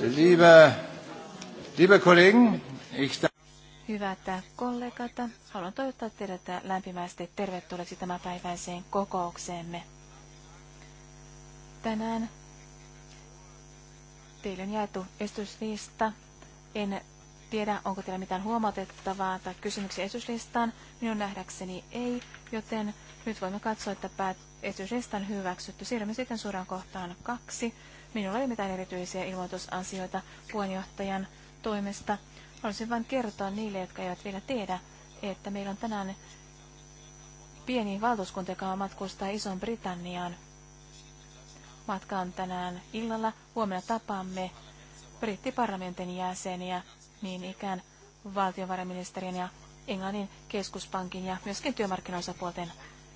Liebe, liebe Kollegen, ich Hyvät kollegat, haluan toivottaa teidät lämpimästi tervetulleeksi päiväiseen kokoukseemme. Tänään teille on jaettu estyslista. En tiedä, onko teillä mitään huomautettavaa tai kysymyksiä esityslistaan. Minun nähdäkseni ei, joten nyt voimme katsoa, että esityslistan hyväksytty. Siirrymme sitten suoraan kohtaan kaksi. Minulla ei ole mitään erityisiä ilmoitusasioita puheenjohtajan toimesta. Haluaisin vain kertoa niille, jotka eivät vielä tiedä, että meillä on tänään pieni valtuuskunta, joka matkustaa Ison Britanniaan. Matka on tänään illalla. Huomenna tapaamme brittiparlamentin jäseniä, niin ikään valtiovarainministerin ja Englannin keskuspankin ja myöskin työmarkkinaosapuolten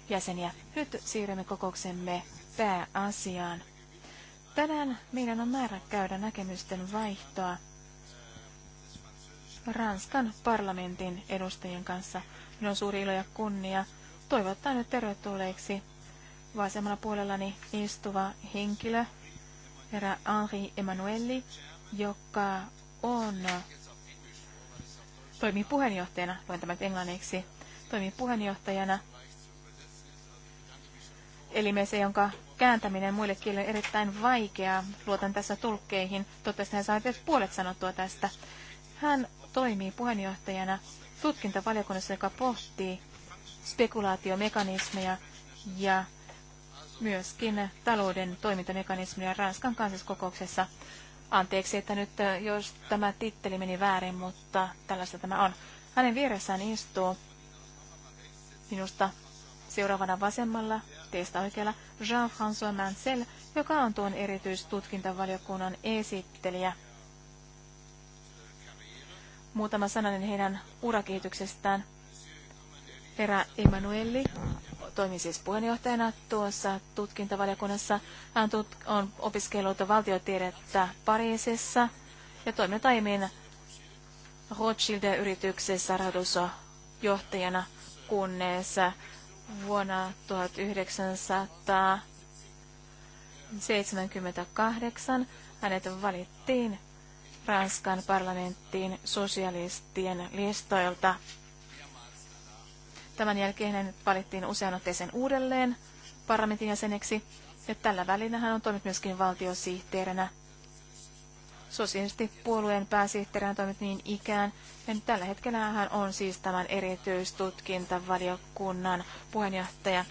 jäseniä. Nyt siirrymme kokouksemme pääasiaan. Tänään meidän on määrä käydä näkemysten vaihtoa Ranskan parlamentin edustajien kanssa. Minun on suuri ilo ja kunnia toivottaa nyt tervetulleeksi vasemmalla puolellani istuva henkilö, herra Henri Emanuelli, joka on, toimii puheenjohtajana, luen tämän englanniksi, toimii puheenjohtajana se, jonka kääntäminen muille kielille erittäin vaikeaa. Luotan tässä tulkkeihin. Toivottavasti hän saa edes puolet sanottua tästä. Hän toimii puheenjohtajana tutkintavaliokunnassa, joka pohtii spekulaatiomekanismeja ja myöskin talouden toimintamekanismeja Ranskan kansalliskokouksessa. Anteeksi, että nyt äh, jos tämä titteli meni väärin, mutta tällaista tämä on. Hänen vieressään istuu minusta seuraavana vasemmalla aloitteesta oikealla Jean-François Mansell, joka on tuon erityistutkintavaliokunnan esittelijä. Muutama sananen heidän urakehityksestään. Herra Emanuelli toimii siis puheenjohtajana tuossa tutkintavaliokunnassa. Hän on opiskellut valtiotiedettä Pariisissa ja toiminut aiemmin Rothschild-yrityksessä rahoitusjohtajana, kunnes vuonna 1978 hänet valittiin Ranskan parlamenttiin sosialistien listoilta. Tämän jälkeen hän valittiin usean otteeseen uudelleen parlamentin jäseneksi, ja tällä välinä hän on toiminut myöskin valtiosihteerinä. Sosiaalisesti puolueen pääsihteerään toimit niin ikään. Ja nyt tällä hetkellä hän on siis tämän erityistutkintavaliokunnan puheenjohtaja.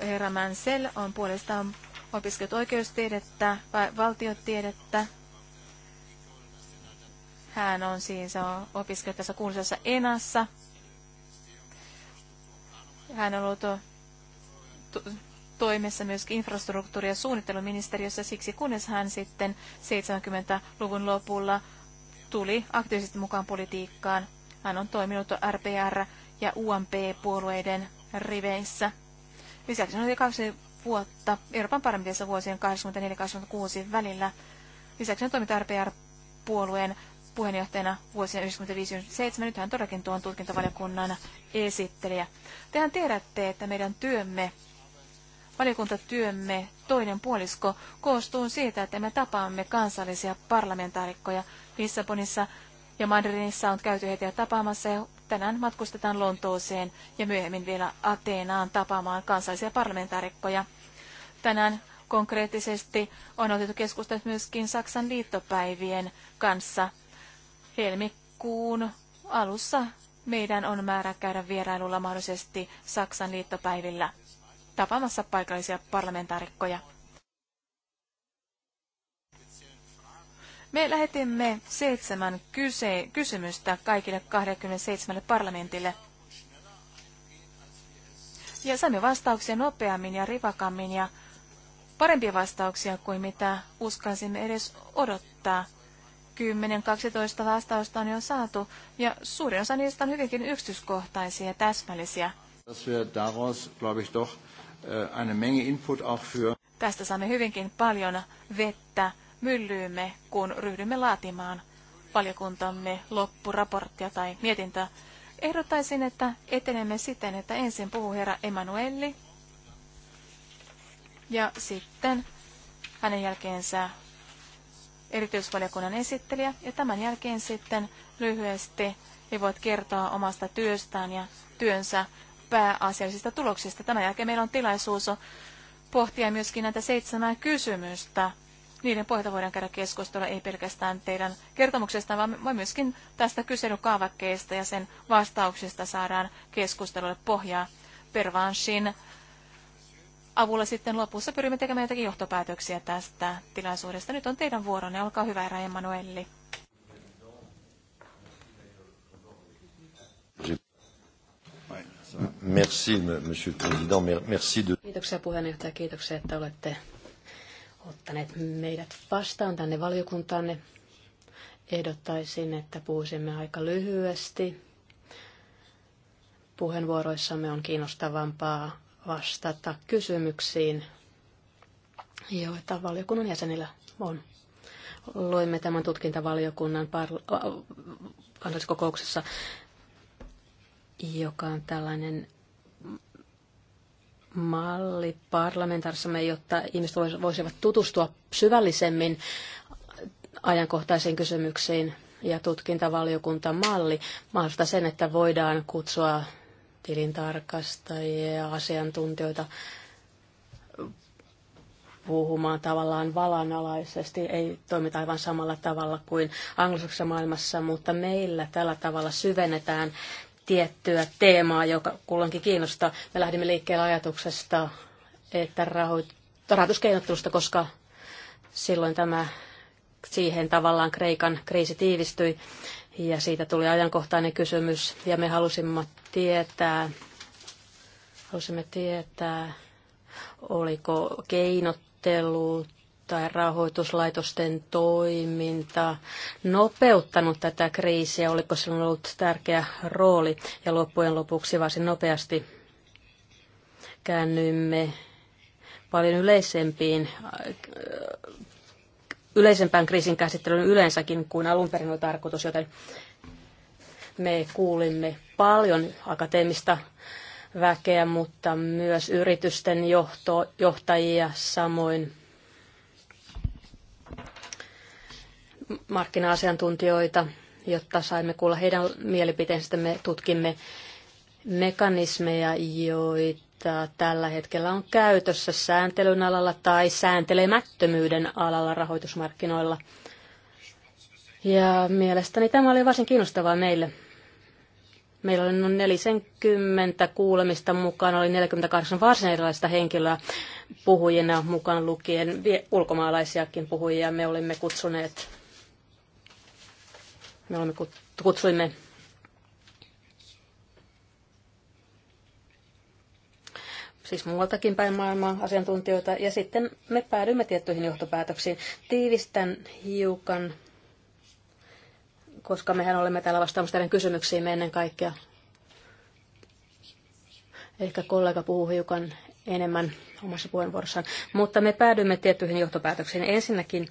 Herra Mansell on puolestaan opiskellut oikeustiedettä, valtiotiedettä. Hän on siis opiskellut tässä kuuluisessa Enassa. Hän on ollut toimessa myöskin infrastruktuuri- ja suunnitteluministeriössä siksi, kunnes hän sitten 70-luvun lopulla tuli aktiivisesti mukaan politiikkaan. Hän on toiminut RPR- ja UMP-puolueiden riveissä. Lisäksi hän oli kaksi vuotta Euroopan parlamentissa vuosien 1984-1986 välillä. Lisäksi hän toimii RPR-puolueen puheenjohtajana vuosien 1995-1997. Nyt hän todellakin tuon tutkintavaliokunnan esittelijä. Tehän tiedätte, että meidän työmme valiokuntatyömme toinen puolisko koostuu siitä, että me tapaamme kansallisia parlamentaarikkoja Lissabonissa ja Madridissa on käyty heti tapaamassa ja tänään matkustetaan Lontooseen ja myöhemmin vielä Ateenaan tapaamaan kansallisia parlamentaarikkoja. Tänään konkreettisesti on otettu keskustelut myöskin Saksan liittopäivien kanssa. Helmikuun alussa meidän on määrä käydä vierailulla mahdollisesti Saksan liittopäivillä tapaamassa paikallisia parlamentaarikkoja. Me lähetimme seitsemän kyse- kysymystä kaikille 27 parlamentille. Ja saimme vastauksia nopeammin ja rivakammin ja parempia vastauksia kuin mitä uskaisimme edes odottaa. 10-12 vastausta on jo saatu, ja suurin osa niistä on hyvinkin yksityiskohtaisia ja täsmällisiä. wir daraus, glaube ich, doch Äh, eine Menge Input auch für. Tästä saamme hyvinkin paljon vettä myllyymme, kun ryhdymme laatimaan valiokuntamme loppuraporttia tai mietintöä. Ehdottaisin, että etenemme siten, että ensin puhuu herra Emanuelli ja sitten hänen jälkeensä erityisvaliokunnan esittelijä ja tämän jälkeen sitten lyhyesti he niin voivat kertoa omasta työstään ja työnsä pääasiallisista tuloksista. Tämän jälkeen meillä on tilaisuus pohtia myöskin näitä seitsemää kysymystä. Niiden pohjalta voidaan käydä keskustelua ei pelkästään teidän kertomuksesta, vaan myöskin tästä kyselykaavakkeesta ja sen vastauksista saadaan keskustelulle pohjaa. Pervanshin avulla sitten lopussa pyrimme tekemään jotakin johtopäätöksiä tästä tilaisuudesta. Nyt on teidän vuoronne. Olkaa hyvä, herra Emanuelli. Merci, monsieur le président. Merci de... Kiitoksia puheenjohtaja, kiitoksia, että olette ottaneet meidät vastaan tänne valiokuntaanne. Ehdottaisin, että puhuisimme aika lyhyesti. Puheenvuoroissamme on kiinnostavampaa vastata kysymyksiin, joita valiokunnan jäsenillä on. Loimme tämän tutkintavaliokunnan par- kansalliskokouksessa joka on tällainen malli parlamentaarissa, jotta ihmiset voisivat tutustua syvällisemmin ajankohtaisiin kysymyksiin ja tutkintavaliokunta malli mahdollistaa sen, että voidaan kutsua tilintarkastajia ja asiantuntijoita puhumaan tavallaan valanalaisesti. Ei toimita aivan samalla tavalla kuin anglosaksisessa maailmassa, mutta meillä tällä tavalla syvennetään tiettyä teemaa, joka kulloinkin kiinnostaa. Me lähdimme liikkeelle ajatuksesta, että rahoit- rahoituskeinottelusta, koska silloin tämä siihen tavallaan Kreikan kriisi tiivistyi ja siitä tuli ajankohtainen kysymys ja me halusimme tietää, halusimme tietää oliko keinottelu tai rahoituslaitosten toiminta nopeuttanut tätä kriisiä? Oliko sillä ollut tärkeä rooli? Ja loppujen lopuksi varsin nopeasti käännymme paljon yleisempiin yleisempään kriisin käsittelyyn yleensäkin kuin alun perin oli tarkoitus, joten me kuulimme paljon akateemista väkeä, mutta myös yritysten johto, johtajia, samoin markkina-asiantuntijoita, jotta saimme kuulla heidän mielipiteensä. Me tutkimme mekanismeja, joita tällä hetkellä on käytössä sääntelyn alalla tai sääntelemättömyyden alalla rahoitusmarkkinoilla. Ja mielestäni tämä oli varsin kiinnostavaa meille. Meillä oli noin 40 kuulemista mukana, oli 48 varsin erilaista henkilöä puhujina mukaan lukien ulkomaalaisiakin puhujia. Me olimme kutsuneet me olemme kutsuimme siis muualtakin päin maailmaa asiantuntijoita, ja sitten me päädyimme tiettyihin johtopäätöksiin. Tiivistän hiukan, koska mehän olemme täällä vastaamassa teidän kysymyksiin ennen kaikkea. Ehkä kollega puhuu hiukan enemmän omassa puheenvuorossaan. Mutta me päädyimme tiettyihin johtopäätöksiin. Ensinnäkin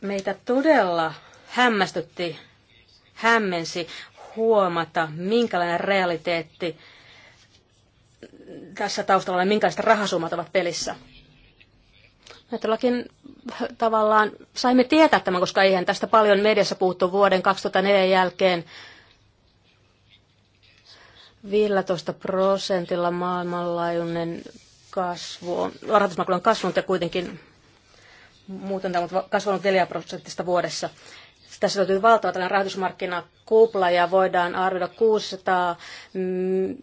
meitä todella hämmästytti, hämmensi huomata, minkälainen realiteetti tässä taustalla on minkälaiset rahasummat ovat pelissä. Me todellakin tavallaan saimme tietää tämän, koska eihän tästä paljon mediassa puhuttu vuoden 2004 jälkeen. 15 prosentilla maailmanlaajuinen kasvu on, rahoitusmarkkinoiden kasvu on kuitenkin muuten tämä on kasvanut 4 prosenttista vuodessa. Tässä löytyy valtava tällainen rahoitusmarkkinakupla ja voidaan arvioida 600 mm,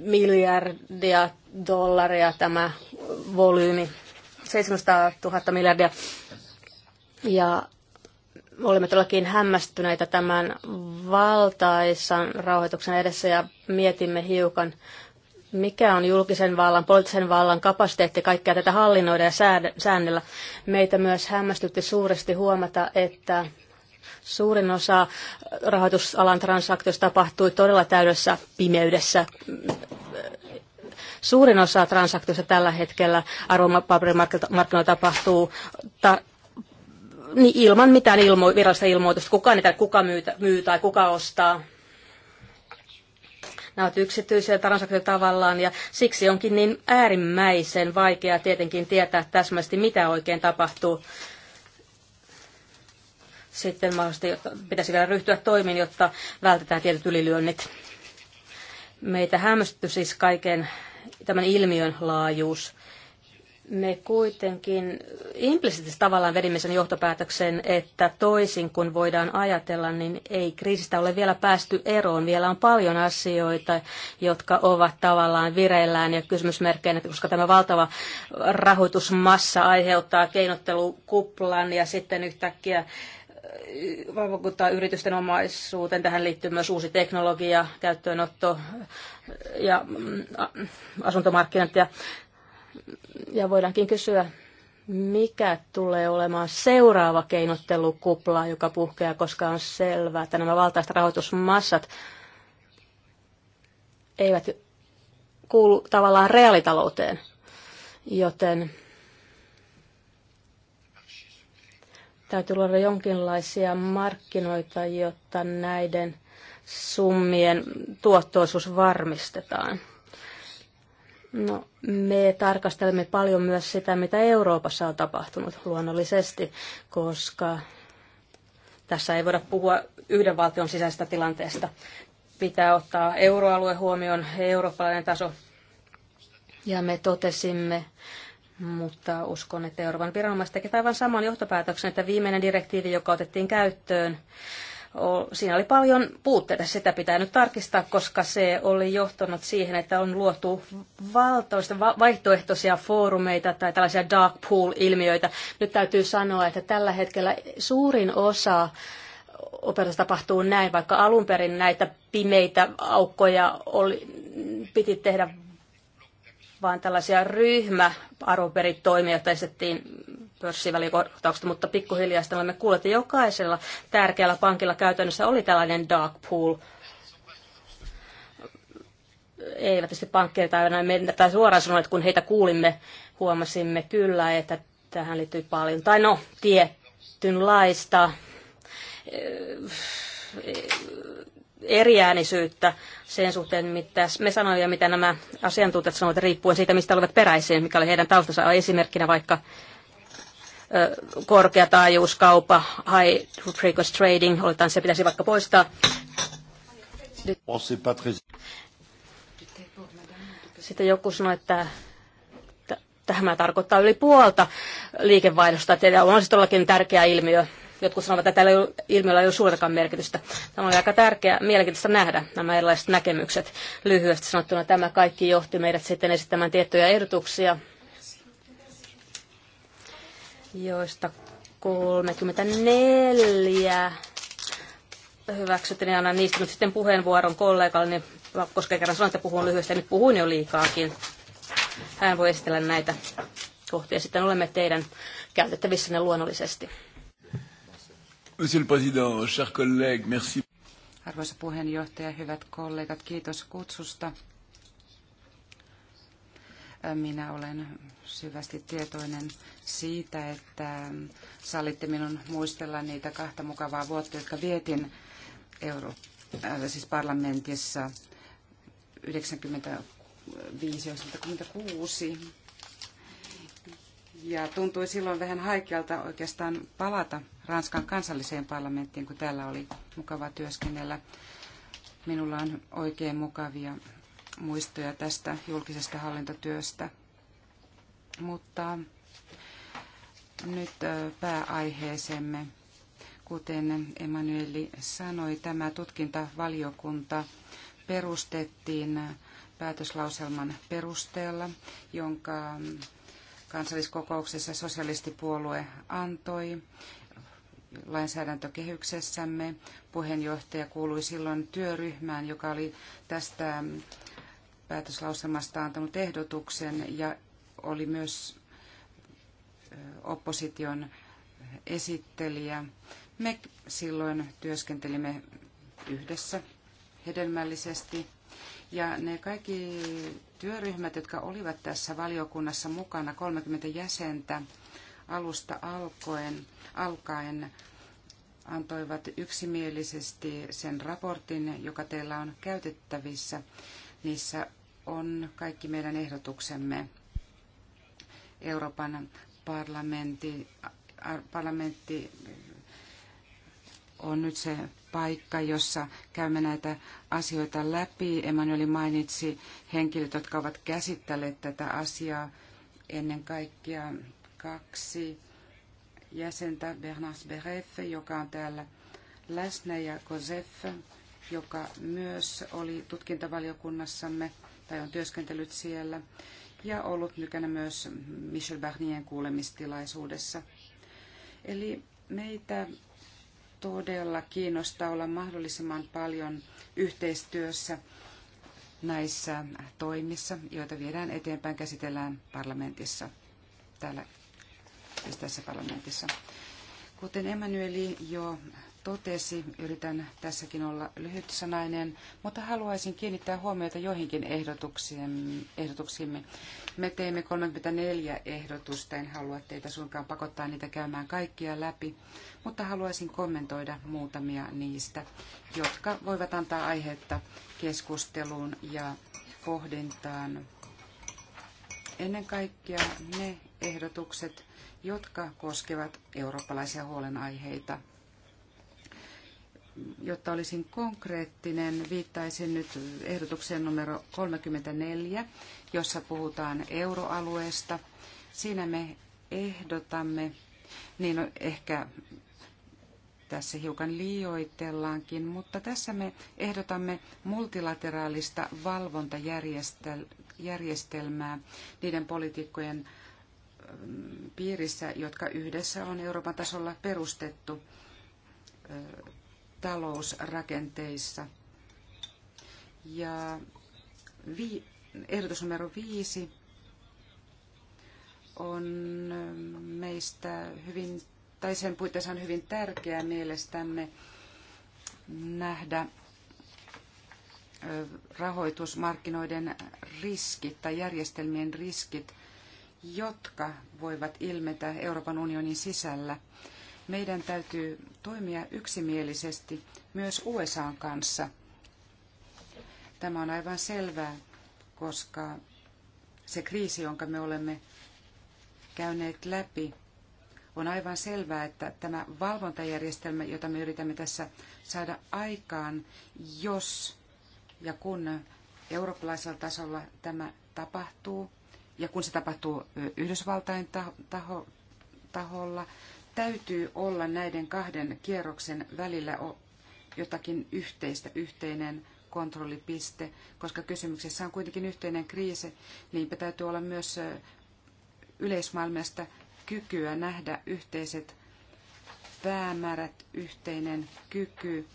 miljardia dollaria tämä volyymi, 700 000 miljardia. Ja olemme todellakin hämmästyneitä tämän valtaisan rauhoituksen edessä ja mietimme hiukan, mikä on julkisen vallan, poliittisen vallan kapasiteetti kaikkea tätä hallinnoida ja säännellä. Meitä myös hämmästytti suuresti huomata, että suurin osa rahoitusalan transaktioista tapahtui todella täydessä pimeydessä. Suurin osa transaktioista tällä hetkellä arvopaperimarkkinoilla tapahtuu ta- niin ilman mitään ilmo- virallista ilmoitusta. kuka niitä, kuka myy, myy tai kuka ostaa Nämä ovat yksityisiä transaktioita tavallaan ja siksi onkin niin äärimmäisen vaikeaa tietenkin tietää täsmästi mitä oikein tapahtuu. Sitten mahdollisesti pitäisi vielä ryhtyä toimiin, jotta vältetään tietyt ylilyönnit. Meitä hämmästytti siis kaiken tämän ilmiön laajuus me kuitenkin implisiittisesti tavallaan vedimme sen johtopäätöksen, että toisin kuin voidaan ajatella, niin ei kriisistä ole vielä päästy eroon. Vielä on paljon asioita, jotka ovat tavallaan vireillään ja kysymysmerkkeinä, koska tämä valtava rahoitusmassa aiheuttaa keinottelukuplan ja sitten yhtäkkiä äh, vaikuttaa yritysten omaisuuteen. Tähän liittyy myös uusi teknologia, käyttöönotto ja mm, asuntomarkkinat ja ja voidaankin kysyä, mikä tulee olemaan seuraava keinottelukupla, joka puhkeaa, koska on selvää, että nämä valtaiset rahoitusmassat eivät kuulu tavallaan reaalitalouteen. Joten täytyy luoda jonkinlaisia markkinoita, jotta näiden summien tuottoisuus varmistetaan. No, me tarkastelemme paljon myös sitä, mitä Euroopassa on tapahtunut luonnollisesti, koska tässä ei voida puhua yhden valtion sisäisestä tilanteesta. Pitää ottaa euroalue huomioon, eurooppalainen taso. Ja me totesimme, mutta uskon, että Euroopan viranomaiset tekevät aivan saman johtopäätöksen, että viimeinen direktiivi, joka otettiin käyttöön Siinä oli paljon puutteita, sitä pitää nyt tarkistaa, koska se oli johtanut siihen, että on luotu valtavasti vaihtoehtoisia foorumeita tai tällaisia dark pool-ilmiöitä. Nyt täytyy sanoa, että tällä hetkellä suurin osa opetus tapahtuu näin, vaikka alun perin näitä pimeitä aukkoja oli, piti tehdä vaan tällaisia ryhmä arvoperitoimia, joita esitettiin pörssivälikohtauksesta, mutta pikkuhiljaa sitten olemme kuulleet, että jokaisella tärkeällä pankilla käytännössä oli tällainen dark pool. Eivät tietysti pankkeita tai mennä, tai suoraan sanoen, että kun heitä kuulimme, huomasimme kyllä, että tähän liittyy paljon, tai no, tietynlaista eh, eriäänisyyttä sen suhteen, mitä me sanoimme ja mitä nämä asiantuntijat sanoivat, riippuen siitä, mistä olivat peräisin, mikä oli heidän taustansa esimerkkinä vaikka korkeataajuuskauppa, high frequency trading, oletan se pitäisi vaikka poistaa. Sitten joku sanoi, että tämä tarkoittaa yli puolta liikevaihdosta. Tämä on siis todellakin tärkeä ilmiö. Jotkut sanovat, että tällä ilmiöllä ei ole suurtakaan merkitystä. Tämä oli aika tärkeä, mielenkiintoista nähdä nämä erilaiset näkemykset. Lyhyesti sanottuna tämä kaikki johti meidät sitten esittämään tiettyjä ehdotuksia joista 34 hyväksyttiin ja annan niistä nyt sitten puheenvuoron kollegalle, niin koska kerran sanoin, että puhun lyhyesti, niin puhuin jo liikaakin. Hän voi esitellä näitä kohtia. Sitten olemme teidän käytettävissänne luonnollisesti. Monsieur le Président, chers collègues, merci. Arvoisa puheenjohtaja, hyvät kollegat, kiitos kutsusta. Minä olen syvästi tietoinen siitä, että sallitte minun muistella niitä kahta mukavaa vuotta, jotka vietin euro, äh, siis parlamentissa 95-96. Ja tuntui silloin vähän haikealta oikeastaan palata Ranskan kansalliseen parlamenttiin, kun täällä oli mukava työskennellä. Minulla on oikein mukavia muistoja tästä julkisesta hallintotyöstä. Mutta nyt pääaiheeseemme. Kuten Emanueli sanoi, tämä tutkintavaliokunta perustettiin päätöslauselman perusteella, jonka kansalliskokouksessa sosialistipuolue antoi lainsäädäntökehyksessämme. Puheenjohtaja kuului silloin työryhmään, joka oli tästä päätöslauselmasta antanut ehdotuksen ja oli myös opposition esittelijä. Me silloin työskentelimme yhdessä hedelmällisesti. Ja ne kaikki työryhmät, jotka olivat tässä valiokunnassa mukana, 30 jäsentä alusta alkoen, alkaen, antoivat yksimielisesti sen raportin, joka teillä on käytettävissä. Niissä on kaikki meidän ehdotuksemme. Euroopan parlamentti, parlamentti on nyt se paikka, jossa käymme näitä asioita läpi. Emanueli mainitsi henkilöt, jotka ovat käsitteleet tätä asiaa ennen kaikkea kaksi jäsentä, Bernard Beref, joka on täällä läsnä, ja Kosef, joka myös oli tutkintavaliokunnassamme tai on työskentellyt siellä ja ollut mykänä myös Michel Barnien kuulemistilaisuudessa. Eli meitä todella kiinnostaa olla mahdollisimman paljon yhteistyössä näissä toimissa, joita viedään eteenpäin, käsitellään parlamentissa, täällä, siis tässä parlamentissa. Kuten Emmanueli jo totesi, yritän tässäkin olla lyhytsanainen, mutta haluaisin kiinnittää huomiota joihinkin ehdotuksiimme. Me teimme 34 ehdotusta, en halua teitä suinkaan pakottaa niitä käymään kaikkia läpi, mutta haluaisin kommentoida muutamia niistä, jotka voivat antaa aihetta keskusteluun ja pohdintaan. Ennen kaikkea ne ehdotukset, jotka koskevat eurooppalaisia huolenaiheita jotta olisin konkreettinen, viittaisin nyt ehdotukseen numero 34, jossa puhutaan euroalueesta. Siinä me ehdotamme, niin no, ehkä tässä hiukan liioitellaankin, mutta tässä me ehdotamme multilateraalista valvontajärjestelmää niiden poliitikkojen mm, piirissä, jotka yhdessä on Euroopan tasolla perustettu talousrakenteissa. Ja vi, ehdotus numero viisi on meistä hyvin, tai sen puitteissa on hyvin tärkeää mielestämme nähdä rahoitusmarkkinoiden riskit tai järjestelmien riskit, jotka voivat ilmetä Euroopan unionin sisällä meidän täytyy toimia yksimielisesti myös USAn kanssa. Tämä on aivan selvää, koska se kriisi, jonka me olemme käyneet läpi, on aivan selvää, että tämä valvontajärjestelmä, jota me yritämme tässä saada aikaan, jos ja kun eurooppalaisella tasolla tämä tapahtuu, ja kun se tapahtuu Yhdysvaltain taho, taho, taholla, täytyy olla näiden kahden kierroksen välillä jotakin yhteistä, yhteinen kontrollipiste, koska kysymyksessä on kuitenkin yhteinen kriisi, niinpä täytyy olla myös yleismaailmasta kykyä nähdä yhteiset päämäärät, yhteinen kyky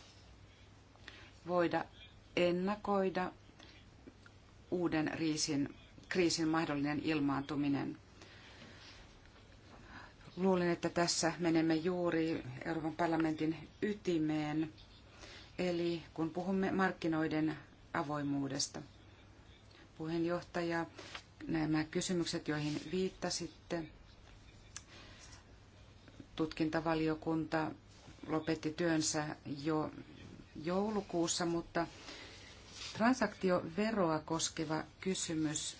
voida ennakoida uuden riisin, kriisin mahdollinen ilmaantuminen. Luulen, että tässä menemme juuri Euroopan parlamentin ytimeen, eli kun puhumme markkinoiden avoimuudesta. Puheenjohtaja, nämä kysymykset, joihin viittasitte, tutkintavaliokunta lopetti työnsä jo joulukuussa, mutta transaktioveroa koskeva kysymys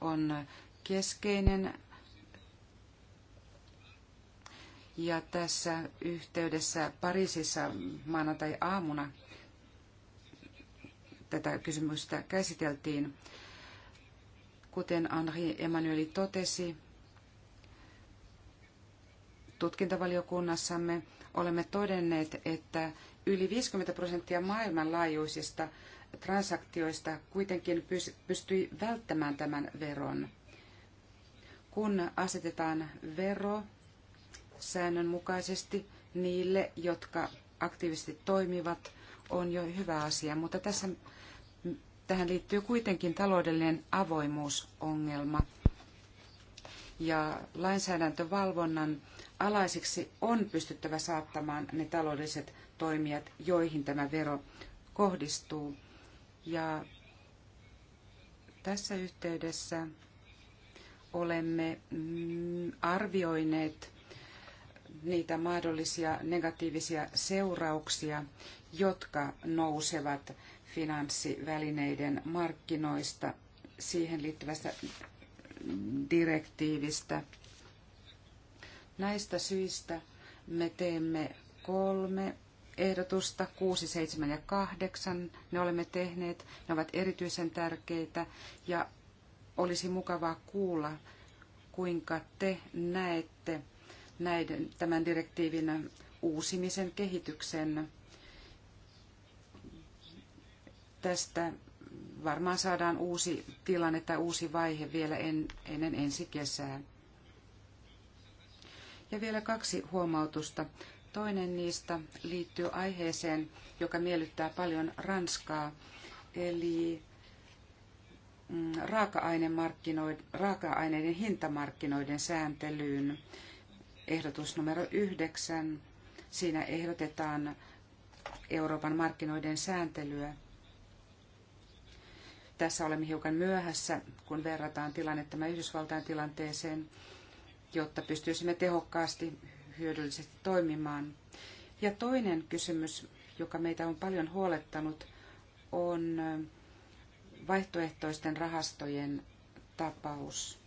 on keskeinen Ja tässä yhteydessä Pariisissa maanantai-aamuna tätä kysymystä käsiteltiin. Kuten Henri Emanueli totesi, tutkintavaliokunnassamme olemme todenneet, että yli 50 prosenttia maailmanlaajuisista transaktioista kuitenkin pystyi välttämään tämän veron. Kun asetetaan vero säännönmukaisesti niille, jotka aktiivisesti toimivat, on jo hyvä asia. Mutta tässä, tähän liittyy kuitenkin taloudellinen avoimuusongelma. Ja lainsäädäntövalvonnan alaisiksi on pystyttävä saattamaan ne taloudelliset toimijat, joihin tämä vero kohdistuu. Ja tässä yhteydessä olemme mm, arvioineet niitä mahdollisia negatiivisia seurauksia, jotka nousevat finanssivälineiden markkinoista siihen liittyvästä direktiivistä. Näistä syistä me teemme kolme ehdotusta, 6, 7 ja 8. Ne olemme tehneet, ne ovat erityisen tärkeitä ja olisi mukavaa kuulla, kuinka te näette näiden, tämän direktiivin uusimisen kehityksen. Tästä varmaan saadaan uusi tilanne tai uusi vaihe vielä en, ennen ensi kesää. Ja vielä kaksi huomautusta. Toinen niistä liittyy aiheeseen, joka miellyttää paljon Ranskaa, eli mm, raaka-aineiden, raaka-aineiden hintamarkkinoiden sääntelyyn ehdotus numero yhdeksän. Siinä ehdotetaan Euroopan markkinoiden sääntelyä. Tässä olemme hiukan myöhässä, kun verrataan tilannetta Yhdysvaltain tilanteeseen, jotta pystyisimme tehokkaasti hyödyllisesti toimimaan. Ja toinen kysymys, joka meitä on paljon huolettanut, on vaihtoehtoisten rahastojen tapaus.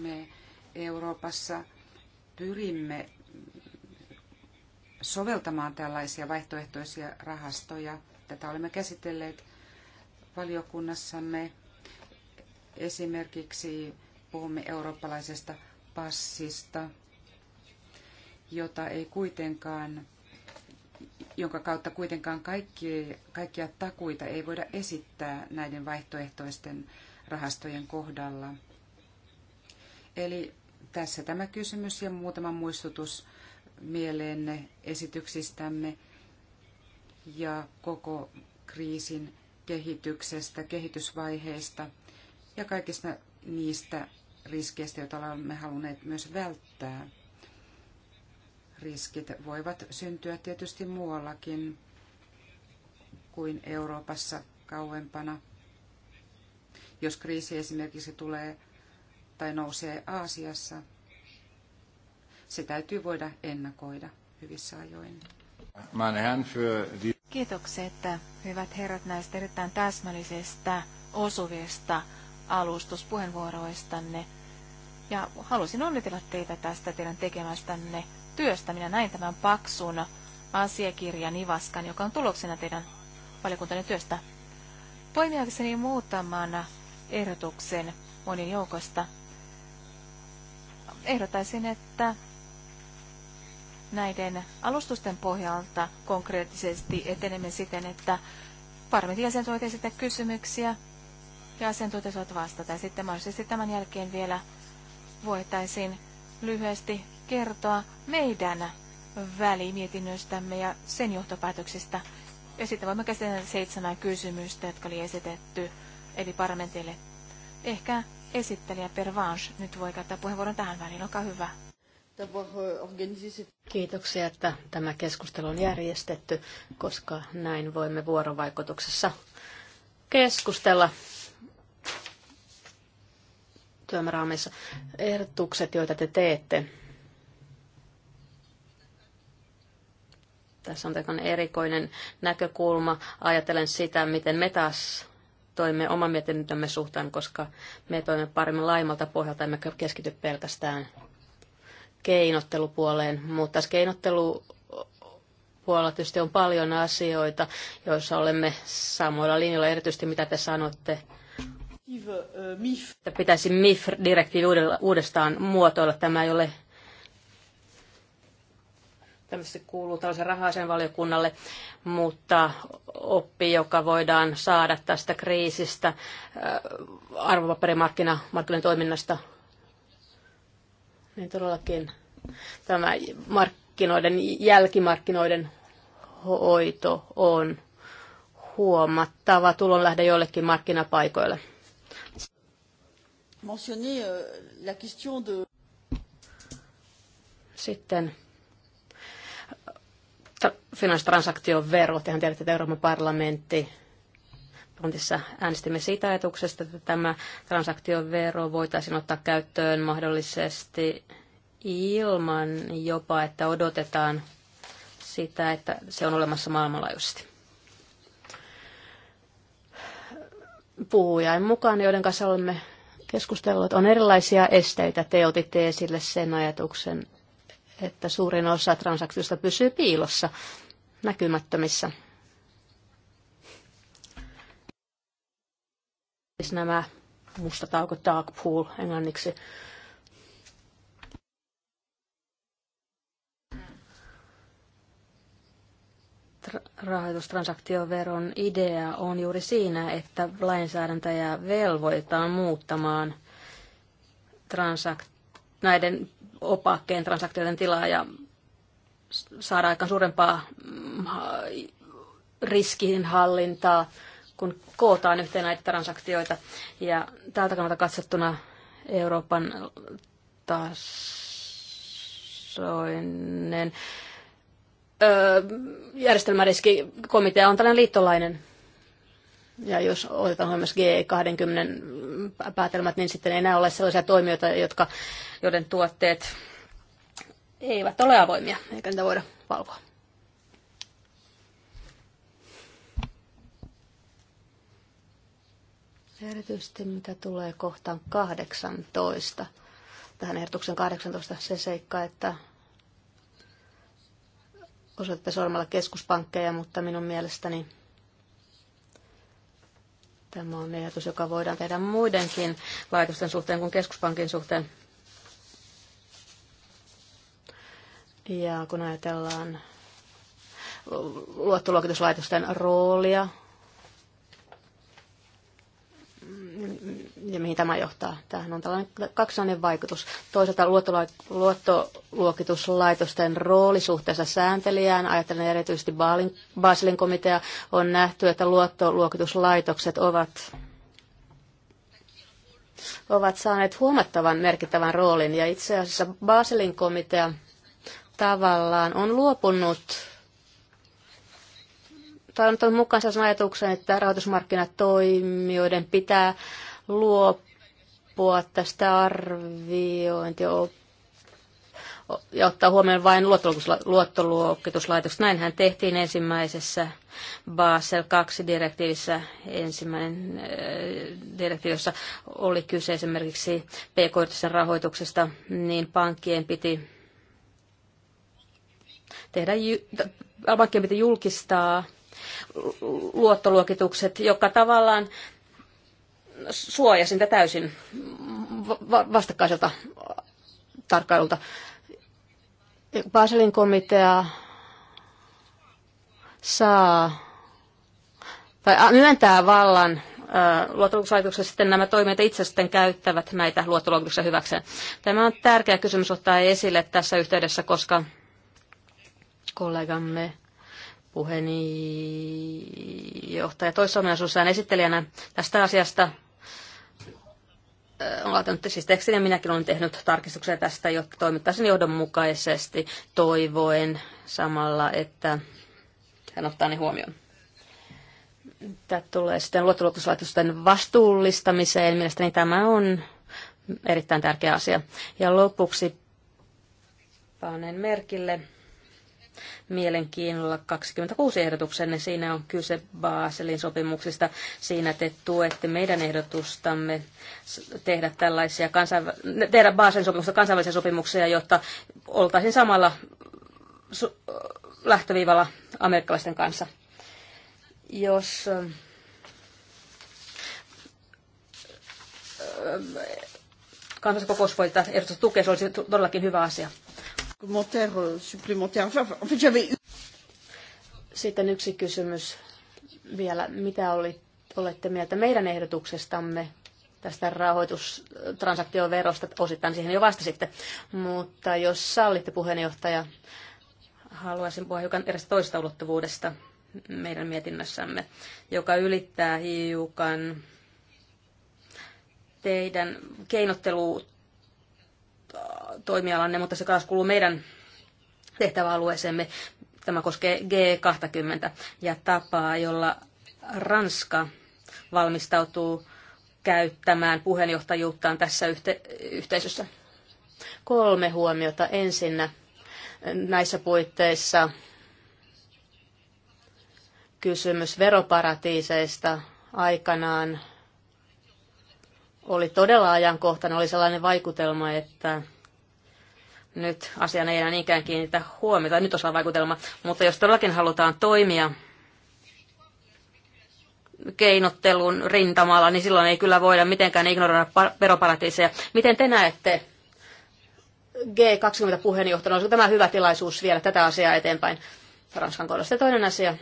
Me Euroopassa pyrimme soveltamaan tällaisia vaihtoehtoisia rahastoja. Tätä olemme käsitelleet valiokunnassamme. Esimerkiksi puhumme eurooppalaisesta passista, jota ei kuitenkaan, jonka kautta kuitenkaan kaikki, kaikkia takuita ei voida esittää näiden vaihtoehtoisten rahastojen kohdalla. Eli tässä tämä kysymys ja muutama muistutus mieleenne esityksistämme ja koko kriisin kehityksestä, kehitysvaiheesta ja kaikista niistä riskeistä, joita olemme halunneet myös välttää. Riskit voivat syntyä tietysti muuallakin kuin Euroopassa kauempana. Jos kriisi esimerkiksi tulee tai nousee Aasiassa, se täytyy voida ennakoida hyvissä ajoin. Kiitokset, hyvät herrat, näistä erittäin täsmällisistä, osuvista alustuspuheenvuoroistanne. Ja halusin onnitella teitä tästä teidän tekemästänne työstä. Minä näin tämän paksun asiakirjan Ivaskan, joka on tuloksena teidän valiokuntanne työstä. Poimiakseni muutaman ehdotuksen monin joukosta ehdotaisin, että näiden alustusten pohjalta konkreettisesti etenemme siten, että parlamentin jäsentuot voivat esittää kysymyksiä ja asiantuntijat voivat vastata. Ja sitten mahdollisesti tämän jälkeen vielä voitaisiin lyhyesti kertoa meidän välimietinnöstämme ja sen johtopäätöksistä. Ja sitten voimme käsitellä seitsemän kysymystä, jotka oli esitetty, eli parlamentille. Ehkä esittelijä Pervanche nyt voi käyttää puheenvuoron tähän väliin. Olkaa hyvä. Kiitoksia, että tämä keskustelu on järjestetty, koska näin voimme vuorovaikutuksessa keskustella työmäraamissa ehdotukset, joita te teette. Tässä on erikoinen näkökulma. Ajatellen sitä, miten me taas toimimme oman mietintämme suhtaan, koska me toimimme paremmin laimalta pohjalta, emmekä keskity pelkästään keinottelupuoleen, mutta tässä keinottelu puolella tietysti on paljon asioita, joissa olemme samoilla linjoilla, erityisesti mitä te sanotte. pitäisi MIF-direktiivi uudestaan muotoilla. Tämä ei ole tämmöistä kuuluu tällaisen rahaisen valiokunnalle, mutta oppi, joka voidaan saada tästä kriisistä, äh, arvopaperimarkkinoiden toiminnasta, niin todellakin tämä markkinoiden, jälkimarkkinoiden hoito on huomattava tulonlähde joillekin markkinapaikoille. Euh, Sitten finanssitransaktiovero. Tehän tiedätte, että Euroopan parlamentti Kontissa äänestimme siitä ajatuksesta, että tämä transaktiovero voitaisiin ottaa käyttöön mahdollisesti ilman jopa, että odotetaan sitä, että se on olemassa maailmanlaajuisesti. Puhujain mukaan, joiden kanssa olemme keskustelleet, on erilaisia esteitä. Te otitte esille sen ajatuksen, että suurin osa transaktiosta pysyy piilossa näkymättömissä. Siis nämä mustat aukot, dark pool englanniksi. rahoitustransaktioveron idea on juuri siinä, että lainsäädäntäjä velvoitetaan muuttamaan transak- näiden opakkeen transaktioiden tilaa ja saada aika suurempaa mm, riskiinhallintaa, kun kootaan yhteen näitä transaktioita. Ja täältä kannalta katsottuna Euroopan tasoinen öö, järjestelmäriskikomitea on tällainen liittolainen. Ja jos otetaan myös G20 päätelmät, niin sitten ei enää ole sellaisia toimijoita, jotka, joiden tuotteet eivät ole avoimia, eikä niitä voida valvoa. Erityisesti mitä tulee kohtaan 18, tähän ehdotuksen 18 se seikka, että osoitatte sormella keskuspankkeja, mutta minun mielestäni tämä on ehdotus, joka voidaan tehdä muidenkin laitosten suhteen kuin keskuspankin suhteen. Ja kun ajatellaan luottoluokituslaitosten roolia ja mihin tämä johtaa. Tähän on tällainen kaksainen vaikutus. Toisaalta luottoluokituslaitosten rooli suhteessa sääntelijään, ajattelen erityisesti Baselin komitea, on nähty, että luottoluokituslaitokset ovat ovat saaneet huomattavan merkittävän roolin ja itse asiassa Baselin komitea tavallaan on luopunut tai on ottanut mukaan sen ajatuksen, että rahoitusmarkkinatoimijoiden pitää luopua tästä arviointi ja ottaa huomioon vain luottoluokituslaitokset. Näinhän tehtiin ensimmäisessä Basel 2-direktiivissä. Ensimmäinen eh, direktiivi, jossa oli kyse esimerkiksi pk rahoituksesta, niin pankkien piti tehdä, pankkien piti julkistaa luottoluokitukset, joka tavallaan suojasin sitä täysin vastakkaiselta tarkkailulta. Baselin komitea saa tai myöntää vallan luottoluokituksessa sitten nämä toimijat itse sitten käyttävät näitä luottoluokituksia hyväkseen. Tämä on tärkeä kysymys ottaa esille tässä yhteydessä, koska kollegamme puheenjohtaja toissominaisuudessaan esittelijänä tästä asiasta. Äh, olen laatinut siis tekstin ja minäkin olen tehnyt tarkistuksia tästä, jotta toimittaisin johdonmukaisesti toivoen samalla, että hän ottaa ne huomioon. Tämä tulee sitten luottoluokituslaitosten vastuullistamiseen. Mielestäni tämä on erittäin tärkeä asia. Ja lopuksi panen merkille mielenkiinnolla 26 ehdotuksenne. Siinä on kyse Baselin sopimuksista. Siinä te tuette meidän ehdotustamme tehdä tällaisia kansainvä- tehdä Baselin sopimusta kansainvälisiä sopimuksia, jotta oltaisiin samalla lähtöviivalla amerikkalaisten kanssa. Jos ähm, äh, kansalliskokous voi tätä ehdotusta tukea, se olisi todellakin hyvä asia commentaire euh, supplémentaire. En fait, j'avais... Sitten yksi kysymys vielä. Mitä oli, olette mieltä meidän ehdotuksestamme tästä rahoitustransaktioverosta? Osittain siihen jo vastasitte. Mutta jos sallitte puheenjohtaja, haluaisin puhua hiukan erästä toisesta ulottuvuudesta meidän mietinnössämme, joka ylittää hiukan teidän keinottelu toimialanne, mutta se taas kuuluu meidän tehtäväalueeseemme. Tämä koskee G20 ja tapaa, jolla Ranska valmistautuu käyttämään puheenjohtajuuttaan tässä yhte- yhteisössä. Kolme huomiota ensinnä näissä puitteissa kysymys veroparatiiseista aikanaan oli todella ajankohtainen, oli sellainen vaikutelma, että nyt asian ei enää niinkään kiinnitä huomiota, nyt osaa vaikutelma, mutta jos todellakin halutaan toimia keinottelun rintamalla, niin silloin ei kyllä voida mitenkään ignoroida veroparatiiseja. Miten te näette G20-puheenjohtajana, olisiko tämä hyvä tilaisuus vielä tätä asiaa eteenpäin Ranskan kohdasta? Toinen asia,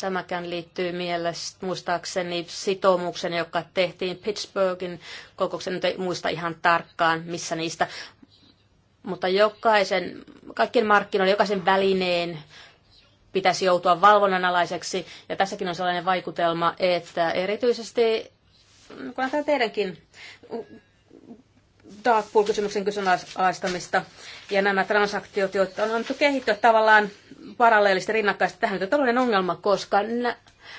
Tämäkään liittyy mielestä muistaakseni sitoumuksen, joka tehtiin Pittsburghin kokouksen, nyt ei muista ihan tarkkaan missä niistä, mutta jokaisen, kaikkien markkinoiden, jokaisen välineen pitäisi joutua valvonnan alaiseksi. Ja tässäkin on sellainen vaikutelma, että erityisesti kun teidänkin dark pool-kysymyksen kyseenalaistamista ja nämä transaktiot, joita on annettu kehittyä tavallaan paralleellisesti rinnakkaisesti tähän on talouden ongelma, koska nä-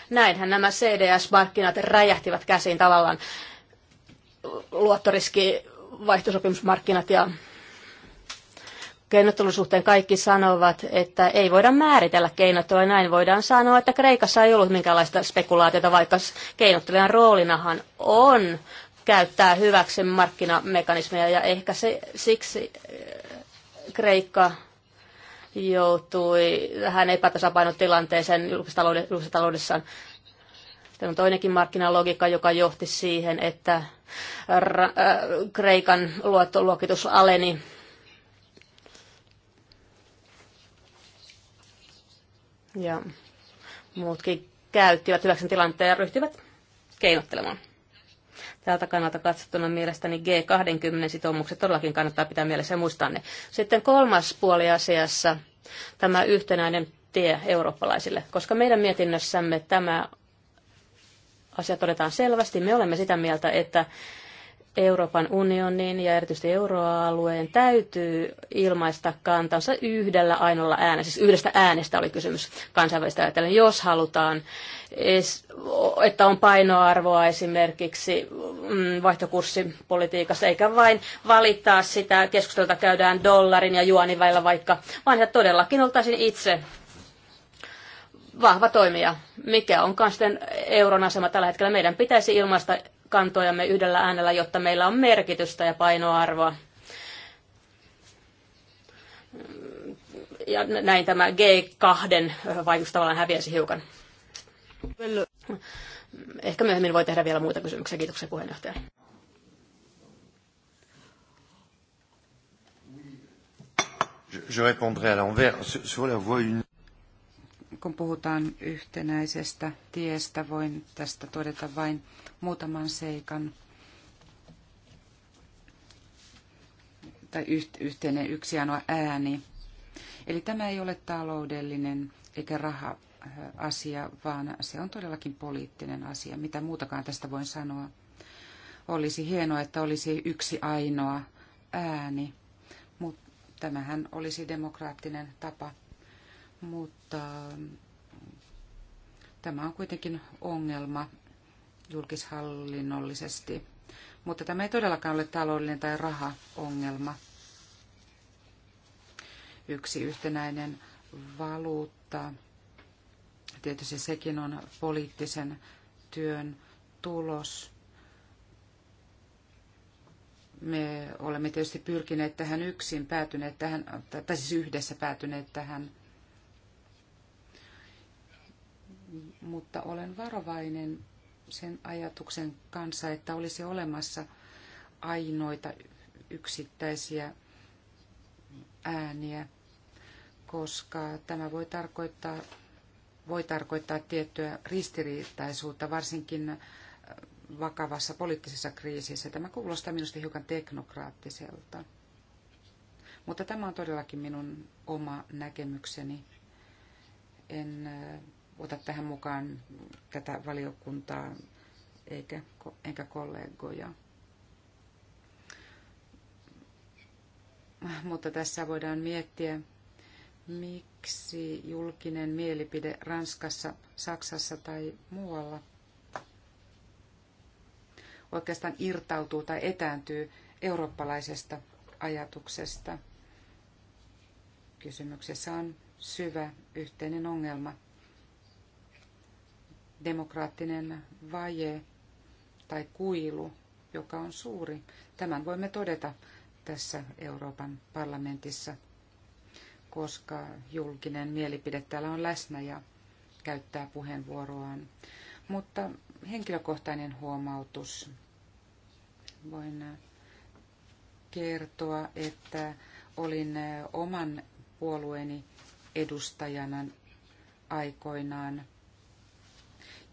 näinhän nämä CDS-markkinat räjähtivät käsiin tavallaan luottoriski, vaihtosopimusmarkkinat ja keinottelusuhteen kaikki sanovat, että ei voida määritellä keinottelua. Näin voidaan sanoa, että Kreikassa ei ollut minkäänlaista spekulaatiota, vaikka keinottelijan roolinahan on käyttää hyväksi markkinamekanismeja ja ehkä se, siksi eh, Kreikka joutui tähän epätasapainotilanteeseen julkisessa taloudessaan. Tämä on toinenkin markkinalogiikka, joka johti siihen, että eh, Kreikan luottoluokitus aleni. Ja muutkin käyttivät hyväksen tilanteen ja ryhtyivät keinottelemaan. Tältä kannalta katsottuna mielestäni G20-sitoumukset todellakin kannattaa pitää mielessä ja muistaa ne. Sitten kolmas puoli asiassa, tämä yhtenäinen tie eurooppalaisille, koska meidän mietinnössämme tämä asia todetaan selvästi. Me olemme sitä mieltä, että Euroopan unionin ja erityisesti euroalueen täytyy ilmaista kantansa yhdellä ainoalla äänellä, siis yhdestä äänestä oli kysymys kansainvälistä ajatellen, jos halutaan, että on painoarvoa esimerkiksi mm, vaihtokurssipolitiikassa, eikä vain valittaa sitä keskustelua, käydään dollarin ja juonin välillä vaikka, vaan että todellakin oltaisiin itse vahva toimija. Mikä onkaan sitten euron asema tällä hetkellä? Meidän pitäisi ilmaista kantojamme yhdellä äänellä, jotta meillä on merkitystä ja painoarvoa. Ja näin tämä G2 vaikutus tavallaan häviäisi hiukan. Ehkä myöhemmin voi tehdä vielä muita kysymyksiä. Kiitoksia puheenjohtaja. Je répondrai à l'envers sur la voie une kun puhutaan yhtenäisestä tiestä, voin tästä todeta vain muutaman seikan. Tai yhteinen yksi ainoa ääni. Eli tämä ei ole taloudellinen eikä raha asia, vaan se on todellakin poliittinen asia. Mitä muutakaan tästä voin sanoa? Olisi hienoa, että olisi yksi ainoa ääni, mutta tämähän olisi demokraattinen tapa mutta tämä on kuitenkin ongelma julkishallinnollisesti. Mutta tämä ei todellakaan ole taloudellinen tai rahaongelma. Yksi yhtenäinen valuutta, tietysti sekin on poliittisen työn tulos. Me olemme tietysti pyrkineet tähän yksin, päätyneet tähän, tai siis yhdessä päätyneet tähän mutta olen varovainen sen ajatuksen kanssa, että olisi olemassa ainoita yksittäisiä ääniä, koska tämä voi tarkoittaa, voi tarkoittaa tiettyä ristiriitaisuutta, varsinkin äh, vakavassa poliittisessa kriisissä. Tämä kuulostaa minusta hiukan teknokraattiselta. Mutta tämä on todellakin minun oma näkemykseni. En äh, ota tähän mukaan tätä valiokuntaa eikä, eikä kollegoja. Mutta tässä voidaan miettiä, miksi julkinen mielipide Ranskassa, Saksassa tai muualla oikeastaan irtautuu tai etääntyy eurooppalaisesta ajatuksesta. Kysymyksessä on syvä yhteinen ongelma – demokraattinen vaje tai kuilu, joka on suuri. Tämän voimme todeta tässä Euroopan parlamentissa, koska julkinen mielipide täällä on läsnä ja käyttää puheenvuoroaan. Mutta henkilökohtainen huomautus. Voin kertoa, että olin oman puolueeni edustajana aikoinaan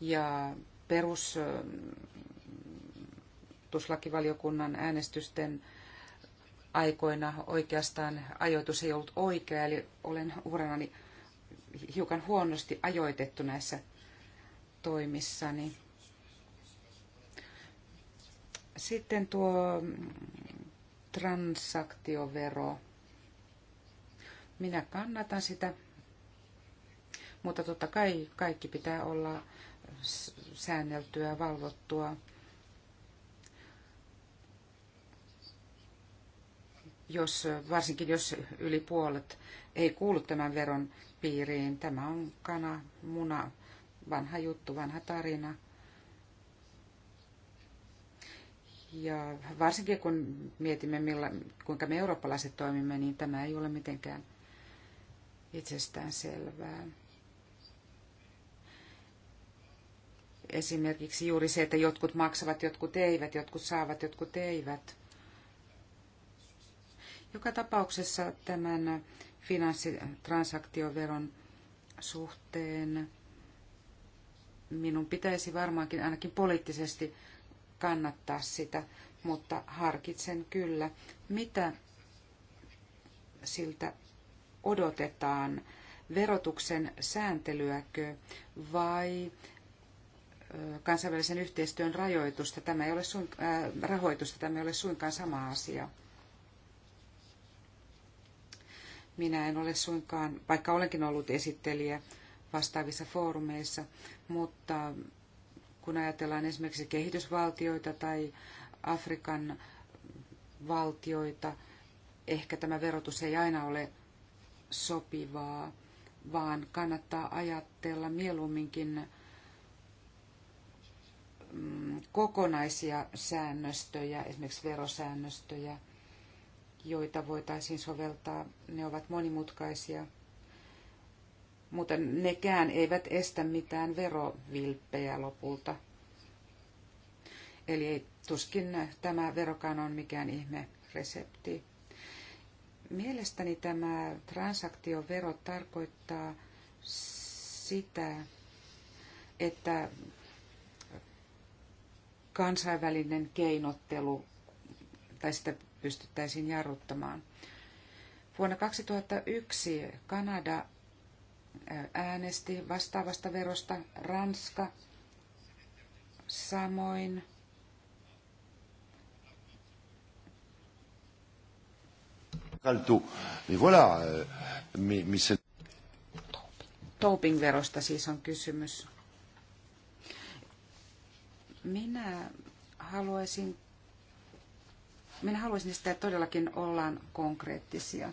ja perustuslakivaliokunnan äänestysten aikoina oikeastaan ajoitus ei ollut oikea, eli olen uranani hiukan huonosti ajoitettu näissä toimissani. Sitten tuo transaktiovero. Minä kannatan sitä, mutta totta kai kaikki pitää olla säänneltyä ja valvottua. Jos, varsinkin jos yli puolet ei kuulu tämän veron piiriin. Tämä on kana, muna, vanha juttu, vanha tarina. Ja varsinkin kun mietimme, millä, kuinka me eurooppalaiset toimimme, niin tämä ei ole mitenkään itsestään selvää. esimerkiksi juuri se, että jotkut maksavat, jotkut eivät, jotkut saavat, jotkut eivät. Joka tapauksessa tämän finanssitransaktioveron suhteen minun pitäisi varmaankin ainakin poliittisesti kannattaa sitä, mutta harkitsen kyllä, mitä siltä odotetaan, verotuksen sääntelyäkö vai kansainvälisen yhteistyön rajoitusta. Tämä ei ole suin, äh, rahoitusta, tämä ei ole suinkaan sama asia. Minä en ole suinkaan, vaikka olenkin ollut esittelijä vastaavissa foorumeissa, mutta kun ajatellaan esimerkiksi kehitysvaltioita tai Afrikan valtioita, ehkä tämä verotus ei aina ole sopivaa, vaan kannattaa ajatella mieluumminkin Mm, kokonaisia säännöstöjä, esimerkiksi verosäännöstöjä, joita voitaisiin soveltaa. Ne ovat monimutkaisia, mutta nekään eivät estä mitään verovilppejä lopulta. Eli ei, tuskin tämä verokan on mikään ihme resepti. Mielestäni tämä transaktiovero tarkoittaa sitä, että kansainvälinen keinottelu, tai sitä pystyttäisiin jarruttamaan. Vuonna 2001 Kanada äänesti vastaavasta verosta, Ranska samoin. tobing euh, verosta siis on kysymys. Minä haluaisin, minä haluaisin sitä, että todellakin ollaan konkreettisia.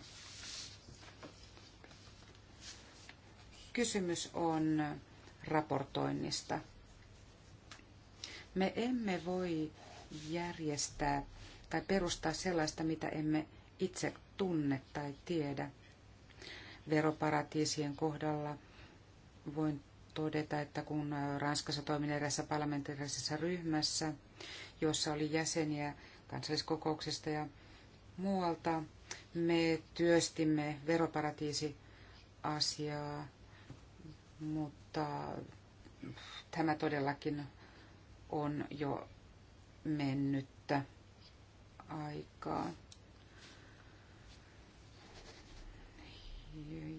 Kysymys on raportoinnista. Me emme voi järjestää tai perustaa sellaista, mitä emme itse tunne tai tiedä. Veroparatiisien kohdalla voin todeta, että kun Ranskassa toimin erässä parlamentaarisessa ryhmässä, jossa oli jäseniä kansalliskokouksesta ja muualta, me työstimme veroparatiisiasiaa, mutta tämä todellakin on jo mennyttä aikaa.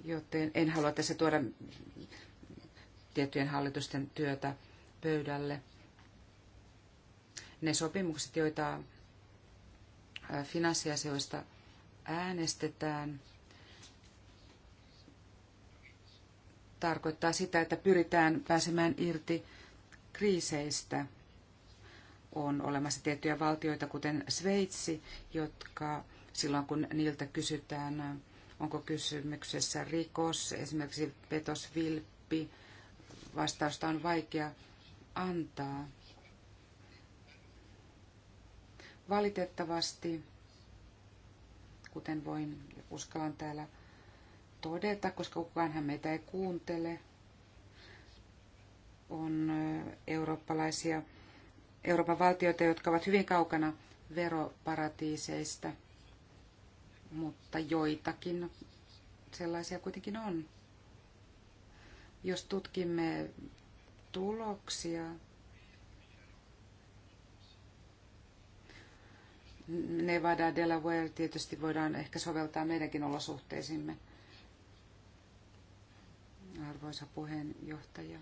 Joten en halua tässä tuoda tiettyjen hallitusten työtä pöydälle. Ne sopimukset, joita finanssiasioista äänestetään, tarkoittaa sitä, että pyritään pääsemään irti kriiseistä. On olemassa tiettyjä valtioita, kuten Sveitsi, jotka silloin kun niiltä kysytään, onko kysymyksessä rikos, esimerkiksi petosvilppi vastausta on vaikea antaa. Valitettavasti, kuten voin ja uskallan täällä todeta, koska kukaanhan meitä ei kuuntele, on eurooppalaisia, Euroopan valtioita, jotka ovat hyvin kaukana veroparatiiseista, mutta joitakin sellaisia kuitenkin on. Jos tutkimme tuloksia, Nevada, Delaware tietysti voidaan ehkä soveltaa meidänkin olosuhteisimme. Arvoisa puheenjohtaja.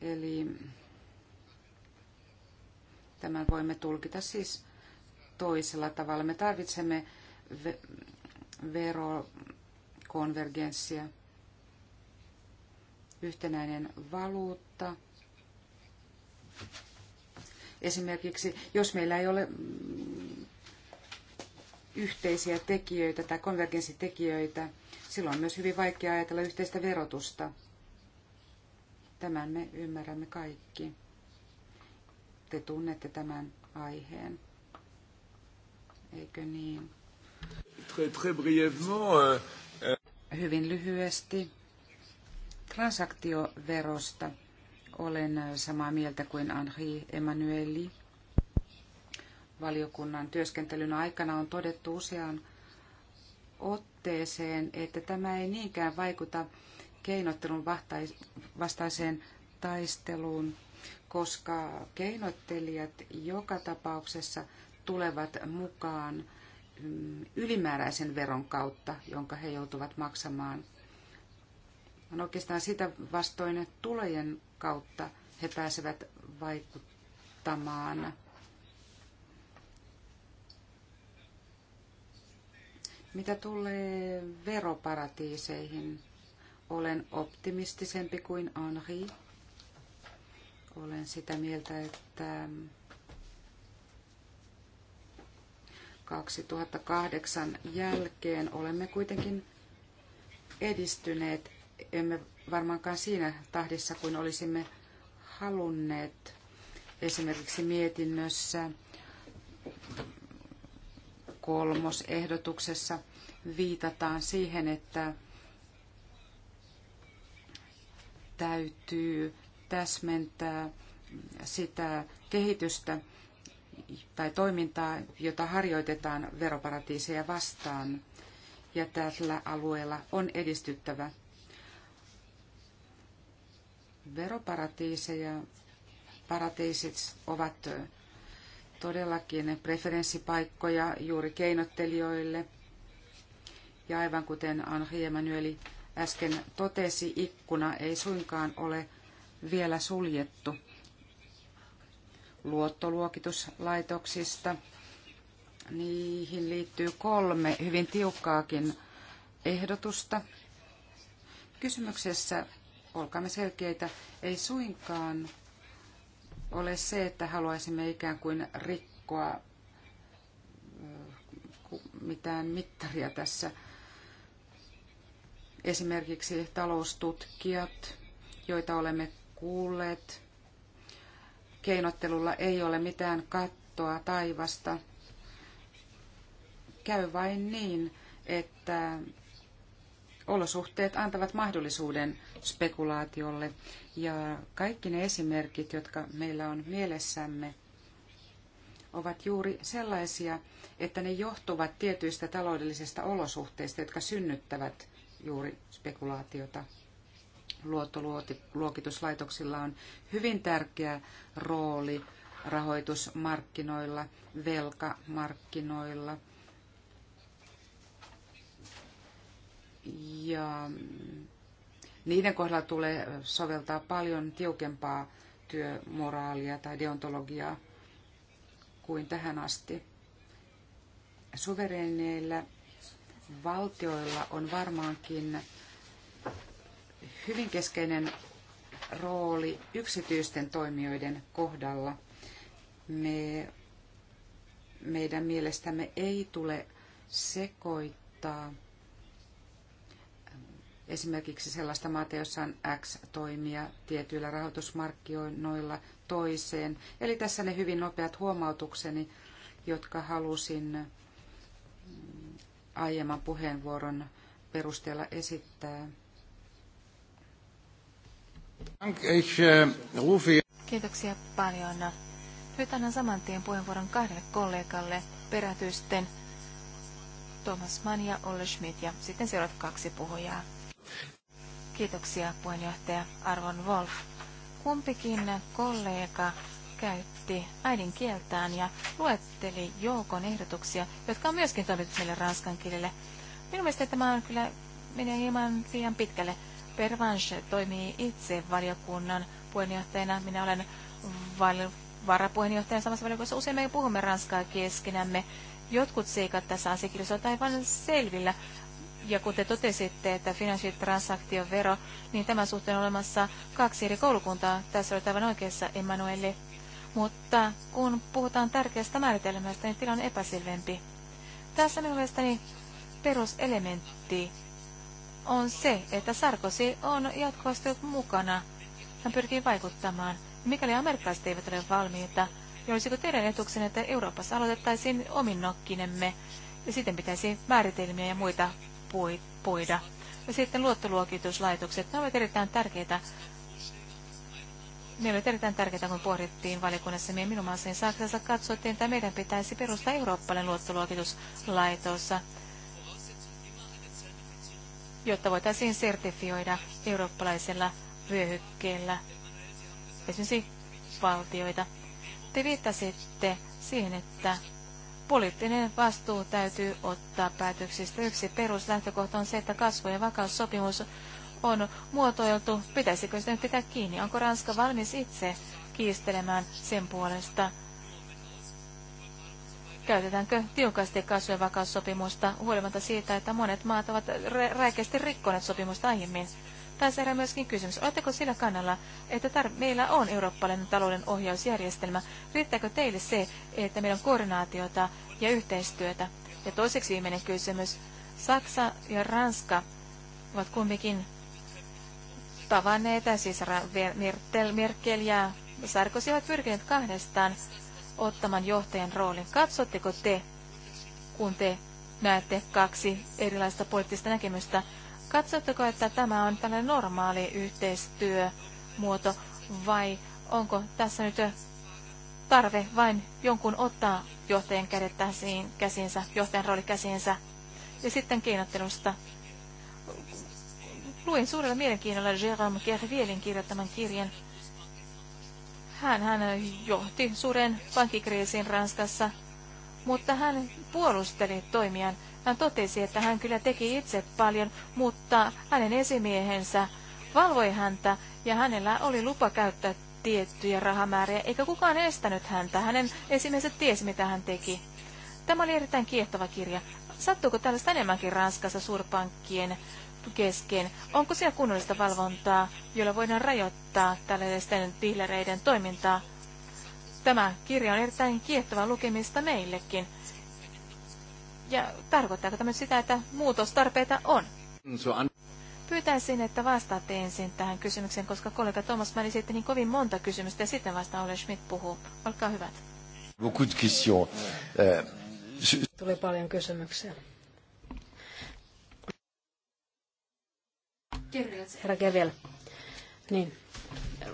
Eli tämän voimme tulkita siis toisella tavalla. Me tarvitsemme ve- verokonvergenssia, yhtenäinen valuutta. Esimerkiksi jos meillä ei ole yhteisiä tekijöitä tai konvergenssitekijöitä, silloin on myös hyvin vaikea ajatella yhteistä verotusta. Tämän me ymmärrämme kaikki. Te tunnette tämän aiheen eikö niin? Très, très brièvement, euh, euh, Hyvin lyhyesti transaktioverosta olen samaa mieltä kuin Henri Emanueli. Valiokunnan työskentelyn aikana on todettu usean otteeseen, että tämä ei niinkään vaikuta keinottelun vastaiseen taisteluun, koska keinottelijat joka tapauksessa tulevat mukaan mm, ylimääräisen veron kautta, jonka he joutuvat maksamaan. On oikeastaan sitä vastoin, että tulojen kautta he pääsevät vaikuttamaan. Mitä tulee veroparatiiseihin, olen optimistisempi kuin Henri. Olen sitä mieltä, että 2008 jälkeen olemme kuitenkin edistyneet, emme varmaankaan siinä tahdissa kuin olisimme halunneet. Esimerkiksi mietinnössä kolmosehdotuksessa viitataan siihen, että täytyy täsmentää sitä kehitystä, tai toimintaa, jota harjoitetaan veroparatiiseja vastaan. Ja tällä alueella on edistyttävä. Veroparatiiseja paratiisit ovat todellakin preferenssipaikkoja juuri keinottelijoille. Ja aivan kuten Anri Emanueli äsken totesi, ikkuna ei suinkaan ole vielä suljettu luottoluokituslaitoksista. Niihin liittyy kolme hyvin tiukkaakin ehdotusta. Kysymyksessä, olkaamme selkeitä, ei suinkaan ole se, että haluaisimme ikään kuin rikkoa mitään mittaria tässä. Esimerkiksi taloustutkijat, joita olemme kuulleet, Keinottelulla ei ole mitään kattoa taivasta. Käy vain niin, että olosuhteet antavat mahdollisuuden spekulaatiolle. Ja kaikki ne esimerkit, jotka meillä on mielessämme, ovat juuri sellaisia, että ne johtuvat tietyistä taloudellisista olosuhteista, jotka synnyttävät juuri spekulaatiota luottoluokituslaitoksilla on hyvin tärkeä rooli rahoitusmarkkinoilla, velkamarkkinoilla. Ja niiden kohdalla tulee soveltaa paljon tiukempaa työmoraalia tai deontologiaa kuin tähän asti. Suvereineillä valtioilla on varmaankin hyvin keskeinen rooli yksityisten toimijoiden kohdalla. Me, meidän mielestämme ei tule sekoittaa esimerkiksi sellaista maata, jossa on X toimia tietyillä rahoitusmarkkinoilla toiseen. Eli tässä ne hyvin nopeat huomautukseni, jotka halusin aiemman puheenvuoron perusteella esittää. Äh, Kiitoksia paljon. Nyt annan saman tien puheenvuoron kahdelle kollegalle perätysten Thomas Mann ja Olle Schmidt ja sitten seuraavat kaksi puhujaa. Kiitoksia puheenjohtaja Arvon Wolf. Kumpikin kollega käytti äidinkieltään ja luetteli joukon ehdotuksia, jotka on myöskin toimitettu meille ranskan kielelle. Minun mielestäni tämä on kyllä menee hieman liian pitkälle. Pervanche toimii itse valiokunnan puheenjohtajana. Minä olen val- samassa valiokunnassa. Usein me puhumme ranskaa keskenämme. Jotkut seikat tässä asiakirjassa ovat aivan selvillä. Ja kun te totesitte, että finanssitransaktiovero, niin tämän suhteen on olemassa kaksi eri koulukuntaa. Tässä olet aivan oikeassa, Emanuele. Mutta kun puhutaan tärkeästä määritelmästä, niin tilanne on epäselvempi. Tässä mielestäni peruselementti on se, että Sarkosi on jatkuvasti mukana. Hän pyrkii vaikuttamaan. Mikäli amerikkalaiset eivät ole valmiita, niin olisiko teidän etuksenne, että Euroopassa aloitettaisiin ominnokkinemme, ja sitten pitäisi määritelmiä ja muita puida. Ja sitten luottoluokituslaitokset, ne ovat erittäin tärkeitä ne olivat erittäin tärkeitä, kun pohdittiin valiokunnassa meidän minun maassani Saksassa katsottiin, että meidän pitäisi perustaa eurooppalainen luottoluokituslaitos jotta voitaisiin sertifioida eurooppalaisella vyöhykkeellä esimerkiksi valtioita. Te viittasitte siihen, että poliittinen vastuu täytyy ottaa päätöksistä. Yksi peruslähtökohta on se, että kasvu- ja vakaussopimus on muotoiltu. Pitäisikö sitä nyt pitää kiinni? Onko Ranska valmis itse kiistelemään sen puolesta, Käytetäänkö tiukasti kasvu- ja vakaussopimusta huolimatta siitä, että monet maat ovat räikeästi rikkoneet sopimusta aiemmin? Tässä herää myöskin kysymys, oletteko sillä kannalla, että tar- meillä on eurooppalainen talouden ohjausjärjestelmä? Riittääkö teille se, että meillä on koordinaatiota ja yhteistyötä? Ja toiseksi viimeinen kysymys. Saksa ja Ranska ovat kumminkin tavanneet, siis Merkel ja Sarkozy ovat pyrkineet kahdestaan ottaman johtajan roolin. Katsotteko te, kun te näette kaksi erilaista poliittista näkemystä, katsotteko, että tämä on tällainen normaali yhteistyömuoto vai onko tässä nyt tarve vain jonkun ottaa johtajan kädet käsiinsä, johtajan rooli käsiinsä ja sitten keinottelusta luin suurella mielenkiinnolla Jérôme Kervielin kirjoittaman kirjan hän, hän eh, johti suuren pankkikriisin Ranskassa, mutta hän puolusteli toimijan. Hän totesi, että hän kyllä teki itse paljon, mutta hänen esimiehensä valvoi häntä ja hänellä oli lupa käyttää tiettyjä rahamääriä, eikä kukaan estänyt häntä. Hänen esimiehensä tiesi, mitä hän teki. Tämä oli erittäin kiehtova kirja. Sattuuko tällaista enemmänkin Ranskassa suurpankkien kesken. Onko siellä kunnollista valvontaa, jolla voidaan rajoittaa tällaisten tiilereiden toimintaa? Tämä kirja on erittäin kiehtova lukemista meillekin. Ja tarkoittaako tämä sitä, että muutostarpeita on? Pyytäisin, että vastaatte ensin tähän kysymykseen, koska kollega Thomas Mäli sitten niin kovin monta kysymystä ja sitten vasta Ole Schmidt puhuu. Olkaa hyvät. Euh, Tulee paljon kysymyksiä. Herra Gerviel, niin,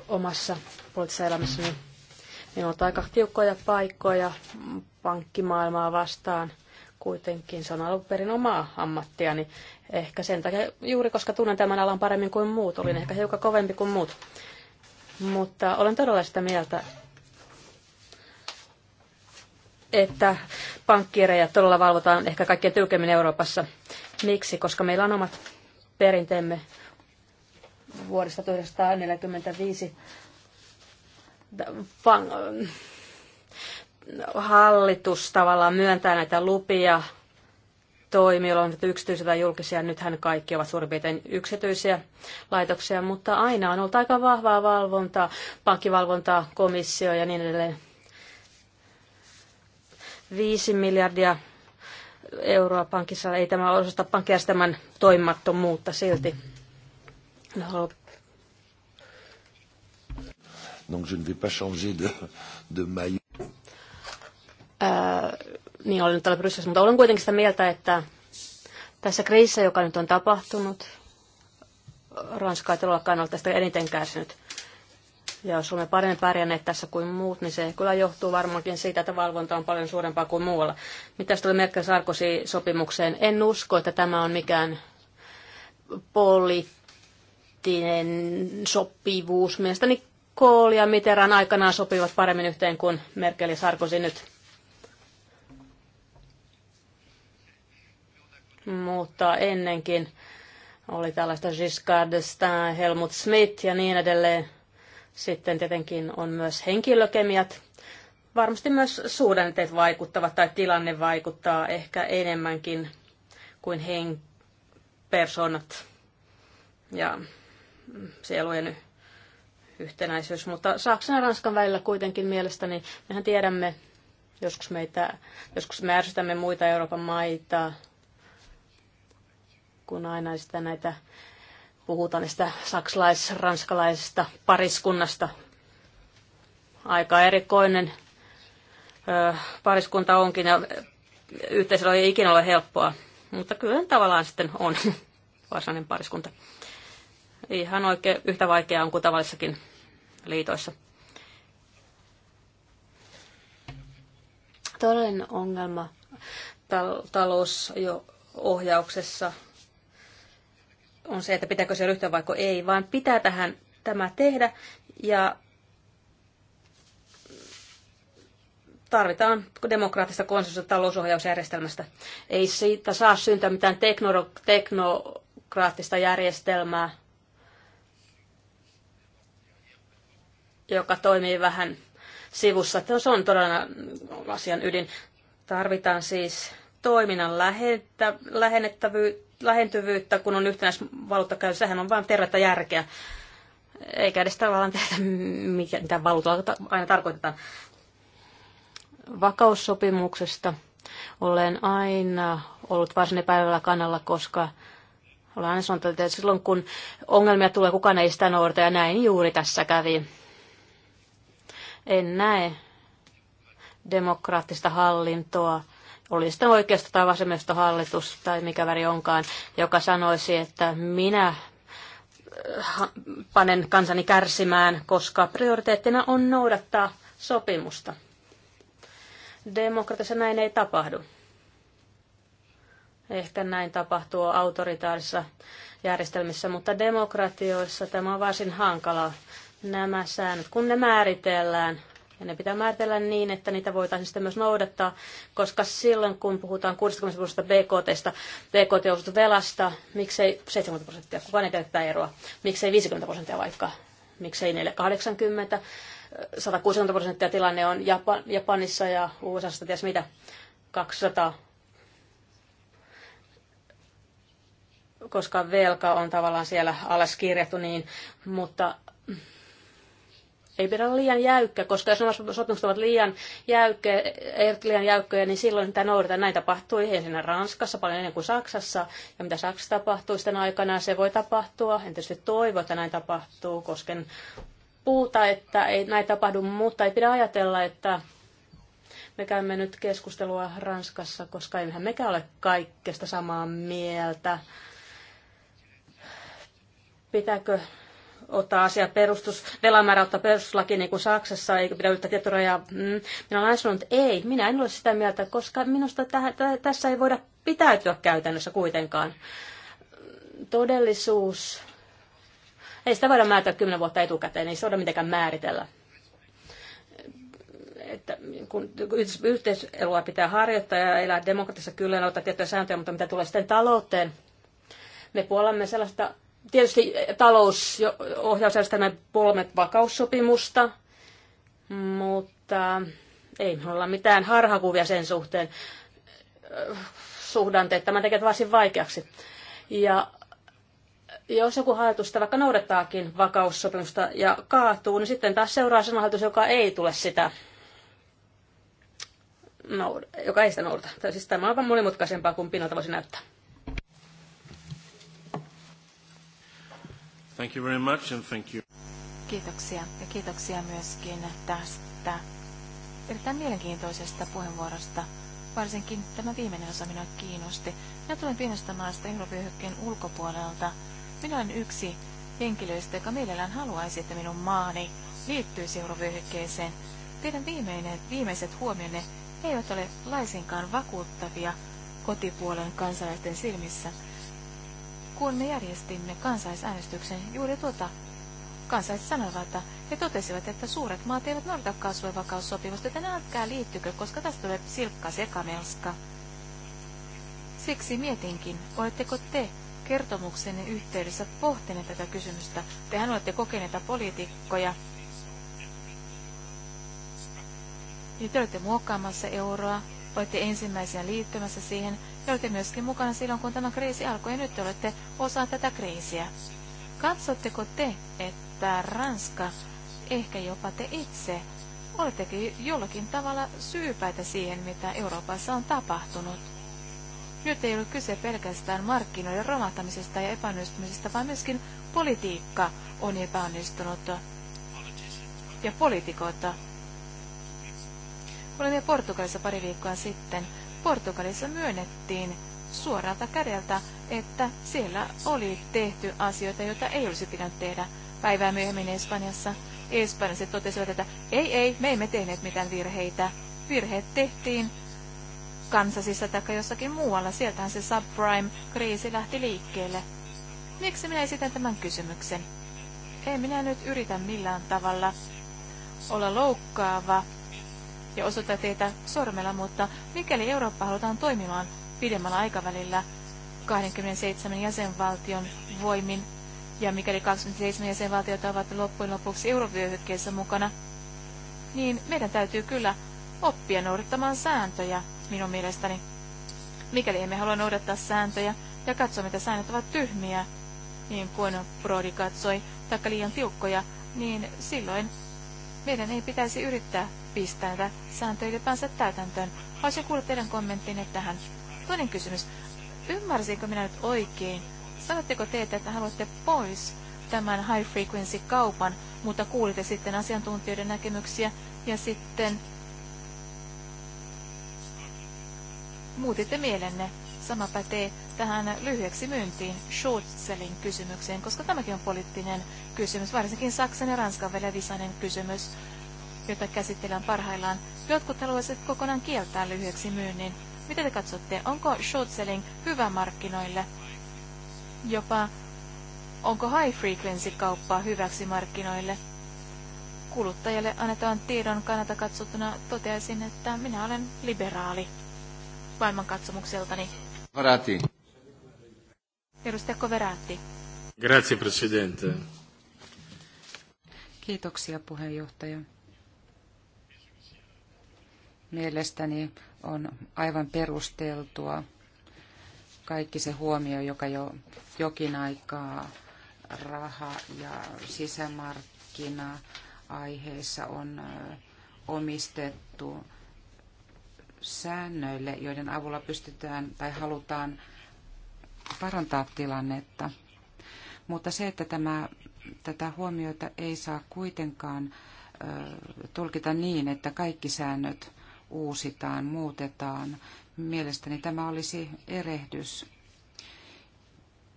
omassa poliittisessa elämässä niin minulla on aika tiukkoja paikkoja pankkimaailmaa vastaan – kuitenkin se on ollut perin omaa ammattiani. Niin ehkä sen takia, juuri koska tunnen tämän alan paremmin kuin muut, olin ehkä hiukan kovempi kuin muut. Mutta olen todella sitä mieltä, että pankkirejat todella valvotaan ehkä kaikkein tiukemmin Euroopassa. Miksi? Koska meillä on omat perinteemme vuodesta 1945 hallitus tavallaan myöntää näitä lupia toimijoilla on yksityisiä tai julkisia, nythän kaikki ovat suurin piirtein yksityisiä laitoksia, mutta aina on ollut aika vahvaa valvontaa, pankkivalvontaa, komissio ja niin edelleen. Viisi miljardia euroa pankissa, ei tämä osasta pankkijärjestelmän toimimattomuutta silti. No. Donc je ne vais pas changer de, de maillot. Euh, niin olen nyt täällä mutta olen kuitenkin sitä mieltä, että tässä kriisissä, joka nyt on tapahtunut, Ranska ei todellakaan ole tästä eniten kärsinyt. Ja jos olemme paremmin pärjänneet tässä kuin muut, niin se kyllä johtuu varmaankin siitä, että valvonta on paljon suurempaa kuin muualla. Mitä tulee Merkel Sarkosi sopimukseen? En usko, että tämä on mikään poliittinen poliittinen sopivuus. Mielestäni Kohl ja Mitterrand aikanaan sopivat paremmin yhteen kuin Merkel ja Sarkozy nyt. Mutta ennenkin oli tällaista Giscard d'Estaing, Helmut Schmidt ja niin edelleen. Sitten tietenkin on myös henkilökemiat. Varmasti myös suhdanteet vaikuttavat tai tilanne vaikuttaa ehkä enemmänkin kuin hen- personat Ja sielujen yhtenäisyys, mutta Saksan ja Ranskan välillä kuitenkin mielestäni mehän tiedämme, joskus, meitä, joskus me ärsytämme muita Euroopan maita, kun aina sitä näitä puhutaan niistä saksalais ranskalaisista pariskunnasta. Aika erikoinen ö, pariskunta onkin ja yhteisöllä ei ikinä ole helppoa, mutta kyllä tavallaan sitten on varsinainen pariskunta ihan oikein yhtä vaikeaa on kuin tavallisissakin liitoissa. Toinen ongelma tal- ohjauksessa on se, että pitääkö se ryhtyä vaikka ei, vaan pitää tähän tämä tehdä ja tarvitaan demokraattista konsensusta talousohjausjärjestelmästä. Ei siitä saa syntyä mitään teknokraattista järjestelmää, joka toimii vähän sivussa. Se on todella asian ydin. Tarvitaan siis toiminnan lähentä, lähentyvyyttä, kun on yhtenäisvaluutta käy. Sehän on vain tervettä järkeä. Eikä edes tavallaan tehdä, mitä valuutalla aina tarkoitetaan. Vakaussopimuksesta olen aina ollut varsin päivällä kannalla, koska olen aina sanonut, että silloin kun ongelmia tulee, kukaan ei sitä noudata, ja näin juuri tässä kävi en näe demokraattista hallintoa, oli sitten oikeasta tai vasemmista hallitus tai mikä väri onkaan, joka sanoisi, että minä äh, panen kansani kärsimään, koska prioriteettina on noudattaa sopimusta. Demokratissa näin ei tapahdu. Ehkä näin tapahtuu autoritaarissa järjestelmissä, mutta demokratioissa tämä on varsin hankalaa nämä säännöt, kun ne määritellään, ja ne pitää määritellä niin, että niitä voitaisiin sitten myös noudattaa, koska silloin kun puhutaan 60 prosenttia BKTstä, BKT velasta, miksei 70 prosenttia, kukaan ei käyttää eroa, miksei 50 prosenttia vaikka, miksei 80, 160 prosenttia tilanne on Japan, Japanissa ja USAssa, ties mitä, 200 koska velka on tavallaan siellä alas kirjattu, niin, mutta ei pidä olla liian jäykkä, koska jos nämä sopimukset ovat liian jäykkä, liian jäykköjä, niin silloin niitä noudatetaan. Näin tapahtui Ensin Ranskassa paljon ennen kuin Saksassa. Ja mitä Saksassa tapahtuu sitten aikanaan, se voi tapahtua. En tietysti toivo, että näin tapahtuu, koska puuta, että ei näin tapahdu, mutta ei pidä ajatella, että me käymme nyt keskustelua Ranskassa, koska eihän mekään ole kaikkesta samaa mieltä. Pitääkö ottaa asia perustus, velamäärä ottaa perustuslaki niin kuin Saksassa, eikä pidä yrittää tietorajaa. Mm. Minä olen sanonut, että ei, minä en ole sitä mieltä, koska minusta täh- täh- tässä ei voida pitäytyä käytännössä kuitenkaan. Todellisuus, ei sitä voida määritellä kymmenen vuotta etukäteen, ei se voida mitenkään määritellä että kun yhteiselua pitää harjoittaa ja elää demokratiassa kyllä noudattaa tiettyjä sääntöjä, mutta mitä tulee sitten talouteen, me puolamme sellaista Tietysti talous talousohjausjärjestelmä kolme vakaussopimusta, mutta ei me olla mitään harhakuvia sen suhteen. Suhdanteet tämä tekee varsin vaikeaksi. Ja jos joku hallitus sitä vaikka noudattaakin vakaussopimusta ja kaatuu, niin sitten taas seuraa sellainen hallitus, joka ei tule sitä noud- joka ei sitä noudata. siis tämä on aivan monimutkaisempaa kuin pinnalta voisi näyttää. Thank you very much and thank you. Kiitoksia ja kiitoksia myöskin tästä erittäin mielenkiintoisesta puheenvuorosta. Varsinkin tämä viimeinen osa minua kiinnosti. Minä tulen pienestä maasta eurovyöhykkeen ulkopuolelta. Minä olen yksi henkilöistä, joka mielellään haluaisi, että minun maani liittyisi eurovyöhykkeeseen. Teidän viimeinen, viimeiset huomionne eivät ole laisinkaan vakuuttavia kotipuolen kansalaisten silmissä kun me järjestimme kansaisäänestyksen juuri tuota kansalaiset sanoivat, että he totesivat, että suuret maat eivät noudata kasvu- ja vakaussopimusta, joten älkää liittykö, koska tästä tulee silkka sekamelska. Siksi mietinkin, oletteko te kertomuksenne yhteydessä pohtineet tätä kysymystä? Tehän olette kokeneita poliitikkoja. Ja te olette muokkaamassa euroa, Olette ensimmäisiä liittymässä siihen ja olette myöskin mukana silloin, kun tämä kriisi alkoi ja nyt olette osa tätä kriisiä. Katsotteko te, että Ranska, ehkä jopa te itse, olettekin jollakin tavalla syypäitä siihen, mitä Euroopassa on tapahtunut? Nyt ei ole kyse pelkästään markkinoiden romahtamisesta ja epäonnistumisesta, vaan myöskin politiikka on epäonnistunut ja poliitikot Olemme Portugalissa pari viikkoa sitten. Portugalissa myönnettiin suoralta kädeltä, että siellä oli tehty asioita, joita ei olisi pitänyt tehdä. Päivää myöhemmin Espanjassa Espanjassa totesivat, että ei, ei, me emme tehneet mitään virheitä. Virheet tehtiin kansasissa tai jossakin muualla. Sieltähän se subprime-kriisi lähti liikkeelle. Miksi minä esitän tämän kysymyksen? Ei minä nyt yritä millään tavalla olla loukkaava ja osoittaa teitä sormella, mutta mikäli Eurooppa halutaan toimimaan pidemmällä aikavälillä 27 jäsenvaltion voimin, ja mikäli 27 jäsenvaltiota ovat loppujen lopuksi eurovyöhykkeessä mukana, niin meidän täytyy kyllä oppia noudattamaan sääntöjä, minun mielestäni. Mikäli emme halua noudattaa sääntöjä ja katsoa, mitä säännöt ovat tyhmiä, niin kuin Brody katsoi, taikka liian tiukkoja, niin silloin meidän ei pitäisi yrittää pistää näitä sääntöjä ylipäänsä täytäntöön. Haluaisin kuulla teidän kommenttinne tähän. Toinen kysymys. Ymmärsinkö minä nyt oikein? Sanotteko te, että haluatte pois tämän high frequency kaupan, mutta kuulitte sitten asiantuntijoiden näkemyksiä ja sitten muutitte mielenne Sama pätee tähän lyhyeksi myyntiin short selling kysymykseen, koska tämäkin on poliittinen kysymys, varsinkin Saksan ja Ranskan välillä visainen kysymys, jota käsitellään parhaillaan. Jotkut haluaisivat kokonaan kieltää lyhyeksi myynnin. Mitä te katsotte, onko short selling hyvä markkinoille? Jopa onko high frequency kauppaa hyväksi markkinoille? Kuluttajalle annetaan tiedon kannalta katsottuna toteaisin, että minä olen liberaali maailmankatsomukseltani. Varati. Edustaja Koveraatti. Grazie, presidente. Kiitoksia, puheenjohtaja. Mielestäni on aivan perusteltua kaikki se huomio, joka jo jokin aikaa raha- ja sisämarkkina-aiheissa on omistettu säännöille, joiden avulla pystytään tai halutaan parantaa tilannetta. Mutta se, että tämä, tätä huomiota ei saa kuitenkaan ö, tulkita niin, että kaikki säännöt uusitaan, muutetaan, mielestäni tämä olisi erehdys.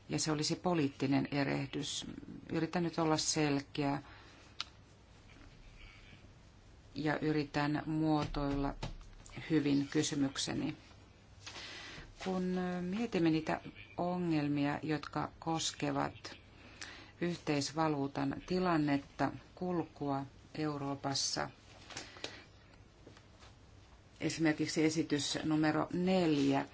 Ja se olisi poliittinen erehdys. Yritän nyt olla selkeä ja yritän muotoilla hyvin kysymykseni. Kun mietimme niitä ongelmia, jotka koskevat yhteisvaluutan tilannetta, kulkua Euroopassa, esimerkiksi esitys numero neljä,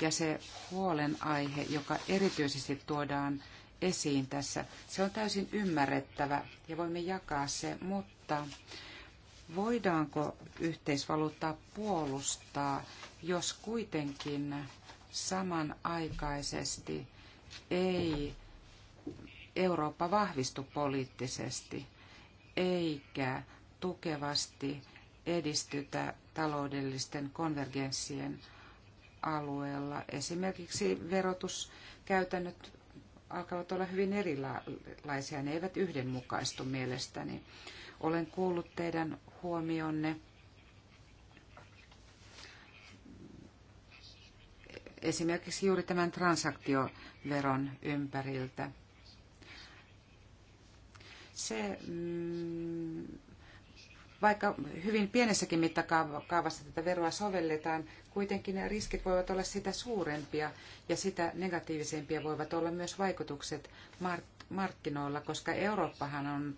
ja se huolenaihe, joka erityisesti tuodaan esiin tässä, se on täysin ymmärrettävä ja voimme jakaa se, mutta Voidaanko yhteisvaluuttaa puolustaa, jos kuitenkin samanaikaisesti ei Eurooppa vahvistu poliittisesti eikä tukevasti edistytä taloudellisten konvergenssien alueella. Esimerkiksi verotuskäytännöt alkavat olla hyvin erilaisia, ne eivät yhdenmukaistu mielestäni. Olen kuullut teidän huomionne. Esimerkiksi juuri tämän transaktioveron ympäriltä. Se, mm, vaikka hyvin pienessäkin mittakaavassa tätä veroa sovelletaan, kuitenkin ne riskit voivat olla sitä suurempia ja sitä negatiivisempia voivat olla myös vaikutukset markkinoilla, koska Eurooppahan on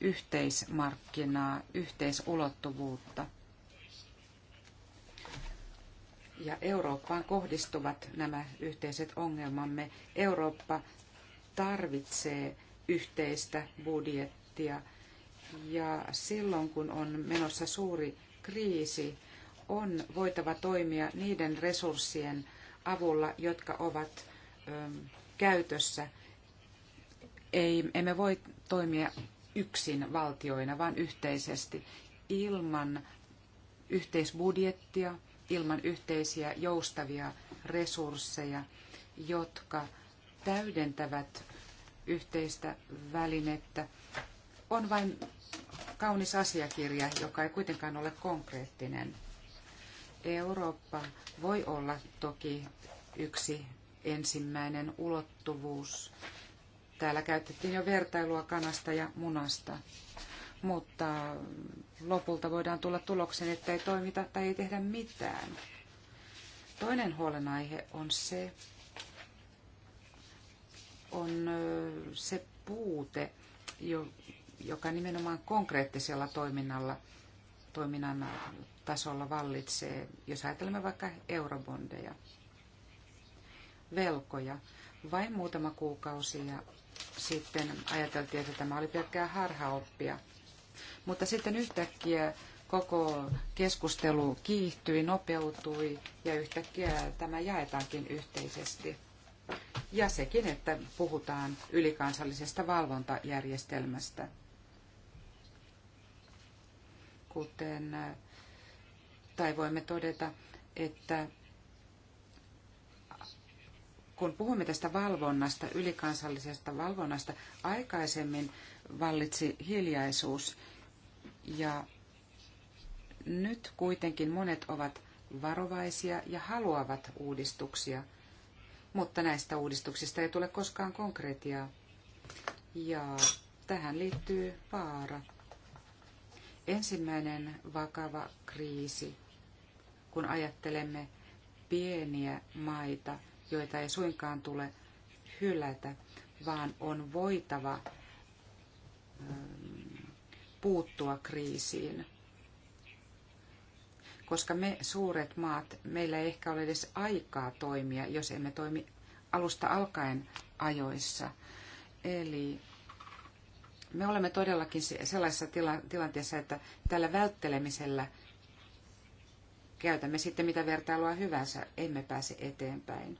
yhteismarkkinaa, yhteisulottuvuutta. Ja Eurooppaan kohdistuvat nämä yhteiset ongelmamme. Eurooppa tarvitsee yhteistä budjettia. Ja silloin, kun on menossa suuri kriisi, on voitava toimia niiden resurssien avulla, jotka ovat käytössä ei, emme voi toimia yksin valtioina, vaan yhteisesti ilman yhteisbudjettia, ilman yhteisiä joustavia resursseja, jotka täydentävät yhteistä välinettä, on vain kaunis asiakirja, joka ei kuitenkaan ole konkreettinen. Eurooppa voi olla toki yksi ensimmäinen ulottuvuus Täällä käytettiin jo vertailua kanasta ja munasta, mutta lopulta voidaan tulla tulokseen, että ei toimita tai ei tehdä mitään. Toinen huolenaihe on se, on se puute, joka nimenomaan konkreettisella toiminnalla, toiminnan tasolla vallitsee, jos ajatellaan vaikka eurobondeja, velkoja. Vain muutama kuukausi ja sitten ajateltiin, että tämä oli pelkkää harhaoppia. Mutta sitten yhtäkkiä koko keskustelu kiihtyi, nopeutui ja yhtäkkiä tämä jaetaankin yhteisesti. Ja sekin, että puhutaan ylikansallisesta valvontajärjestelmästä. Kuten, äh, tai voimme todeta, että kun puhumme tästä valvonnasta, ylikansallisesta valvonnasta, aikaisemmin vallitsi hiljaisuus ja nyt kuitenkin monet ovat varovaisia ja haluavat uudistuksia, mutta näistä uudistuksista ei tule koskaan konkretiaa. Ja tähän liittyy vaara. Ensimmäinen vakava kriisi, kun ajattelemme pieniä maita, joita ei suinkaan tule hylätä, vaan on voitava ähm, puuttua kriisiin. Koska me suuret maat, meillä ei ehkä ole edes aikaa toimia, jos emme toimi alusta alkaen ajoissa. Eli me olemme todellakin sellaisessa tila- tilanteessa, että tällä välttelemisellä käytämme sitten mitä vertailua hyvänsä, emme pääse eteenpäin.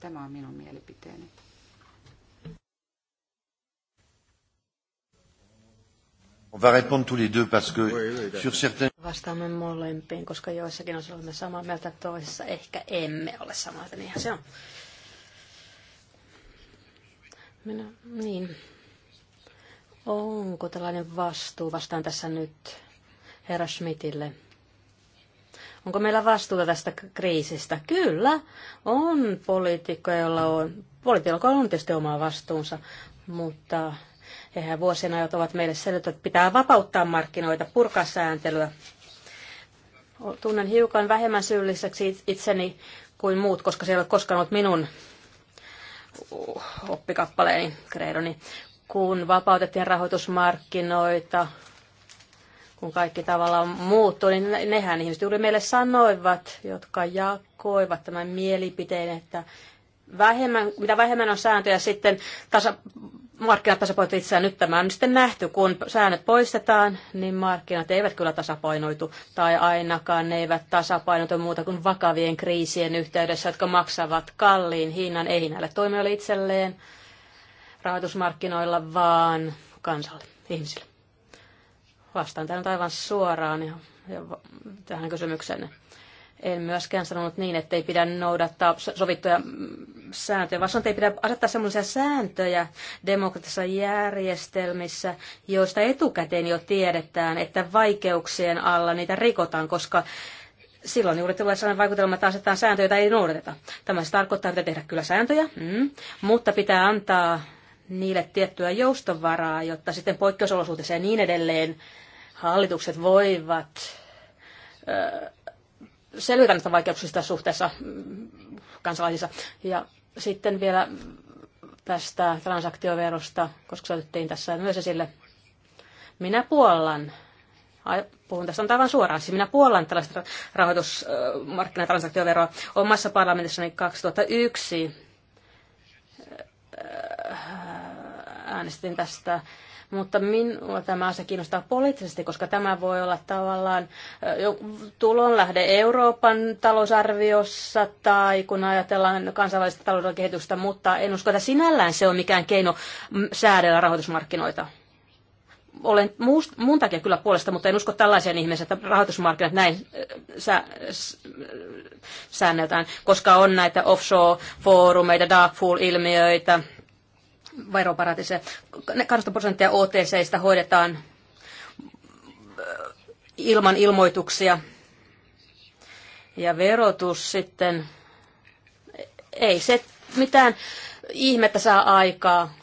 Tämä on minun mielipiteeni. On va répondre tous les deux parce que sur certains... Vastaamme molempiin, koska joissakin on olemme samaa mieltä, toisissa ehkä emme ole samaa mieltä, niinhän se on. Minä, niin. Onko tällainen vastuu, vastaan tässä nyt herra Schmidtille, Onko meillä vastuuta tästä kriisistä? Kyllä, on poliitikkoja, joilla on, poliitikoilla on tietysti oma vastuunsa, mutta eihän vuosien ajat ovat meille selvitä, että pitää vapauttaa markkinoita, purkaa sääntelyä. Tunnen hiukan vähemmän syylliseksi itseni kuin muut, koska siellä ei ole koskaan ollut minun oppikappaleeni, kreidoni. Kun vapautettiin rahoitusmarkkinoita, kun kaikki tavallaan muuttui, niin nehän ihmiset juuri meille sanoivat, jotka jakoivat tämän mielipiteen, että vähemmän, mitä vähemmän on sääntöjä sitten tasa, markkinat tasapainoivat itseään. Nyt tämä on sitten nähty, kun säännöt poistetaan, niin markkinat eivät kyllä tasapainoitu, tai ainakaan ne eivät tasapainoitu muuta kuin vakavien kriisien yhteydessä, jotka maksavat kalliin hinnan, ei näille toimijoille itselleen rahoitusmarkkinoilla, vaan kansalle, ihmisille. Vastaan tähän aivan suoraan ja, ja tähän kysymykseen. En myöskään sanonut niin, että ei pidä noudattaa sovittuja mm, sääntöjä, vaan ei pidä asettaa sellaisia sääntöjä demokratisissa järjestelmissä, joista etukäteen jo tiedetään, että vaikeuksien alla niitä rikotaan, koska silloin juuri tulee sellainen vaikutelma, että asetetaan sääntöjä, joita ei noudateta. Tämä se siis tarkoittaa, että tehdä kyllä sääntöjä, mm, mutta pitää antaa niille tiettyä joustovaraa, jotta sitten poikkeusolosuhteeseen ja niin edelleen hallitukset voivat selvitä näistä vaikeuksista suhteessa mm, kansalaisissa. Ja sitten vielä tästä transaktioverosta, koska se otettiin tässä myös esille. Minä puollan, puhun tästä on tavan suoraan, siis minä puollan tällaista rahoitusmarkkinatransaktioveroa omassa parlamentissani 2001 äänestin tästä mutta minua tämä asia kiinnostaa poliittisesti, koska tämä voi olla tavallaan tulonlähde Euroopan talousarviossa tai kun ajatellaan kansainvälistä talouden kehitystä, mutta en usko, että sinällään se on mikään keino säädellä rahoitusmarkkinoita olen muust, mun takia kyllä puolesta, mutta en usko tällaisia ihmisiä, että rahoitusmarkkinat näin sä, säänneltään, koska on näitä offshore-foorumeita, dark pool-ilmiöitä, veroparatiiseja. 20 prosenttia OTCistä hoidetaan äh, ilman ilmoituksia. Ja verotus sitten, ei se mitään ihmettä saa aikaa,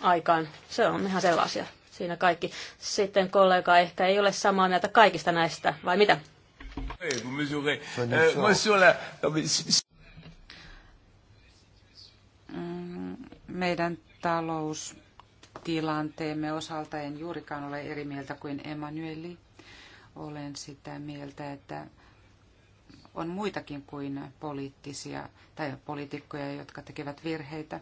aikaan. Se on ihan sellaisia. Siinä kaikki. Sitten kollega ehkä ei ole samaa mieltä kaikista näistä, vai mitä? Mm, meidän taloustilanteemme osalta en juurikaan ole eri mieltä kuin Emanueli. Olen sitä mieltä, että on muitakin kuin poliittisia tai poliitikkoja, jotka tekevät virheitä.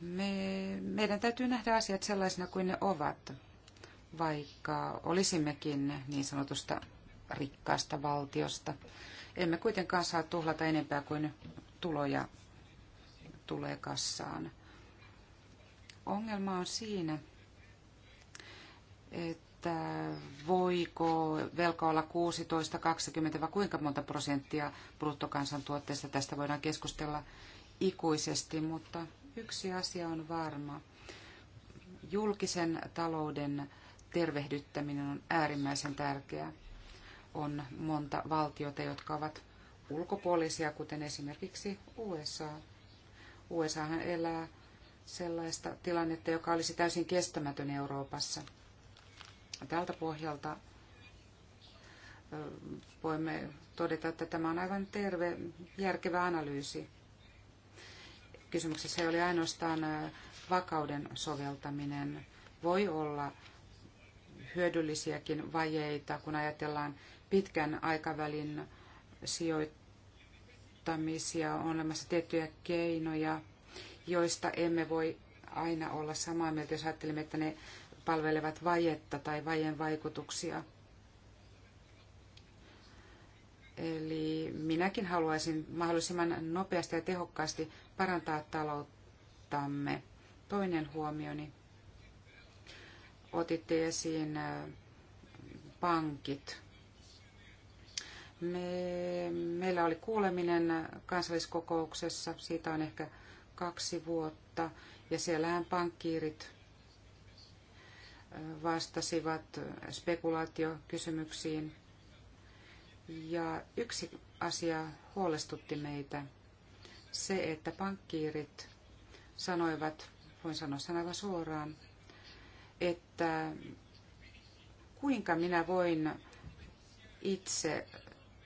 Me, meidän täytyy nähdä asiat sellaisina kuin ne ovat, vaikka olisimmekin niin sanotusta rikkaasta valtiosta. Emme kuitenkaan saa tuhlata enempää kuin tuloja tulee kassaan. Ongelma on siinä, että voiko velka olla 16, 20 vai kuinka monta prosenttia bruttokansantuotteesta. Tästä voidaan keskustella ikuisesti, mutta yksi asia on varma. Julkisen talouden tervehdyttäminen on äärimmäisen tärkeää. On monta valtiota, jotka ovat ulkopuolisia, kuten esimerkiksi USA. USAhan elää sellaista tilannetta, joka olisi täysin kestämätön Euroopassa. Tältä pohjalta voimme todeta, että tämä on aivan terve, järkevä analyysi. Kysymyksessä ei ole ainoastaan vakauden soveltaminen. Voi olla hyödyllisiäkin vajeita, kun ajatellaan pitkän aikavälin sijoit auttamisia, on olemassa tiettyjä keinoja, joista emme voi aina olla samaa mieltä, jos ajattelemme, että ne palvelevat vajetta tai vajen vaikutuksia. Eli minäkin haluaisin mahdollisimman nopeasti ja tehokkaasti parantaa talouttamme. Toinen huomioni. Otitte esiin äh, pankit. Me, meillä oli kuuleminen kansalliskokouksessa, siitä on ehkä kaksi vuotta, ja siellähän pankkiirit vastasivat spekulaatiokysymyksiin. Ja yksi asia huolestutti meitä, se, että pankkiirit sanoivat, voin sanoa sen aivan suoraan, että kuinka minä voin itse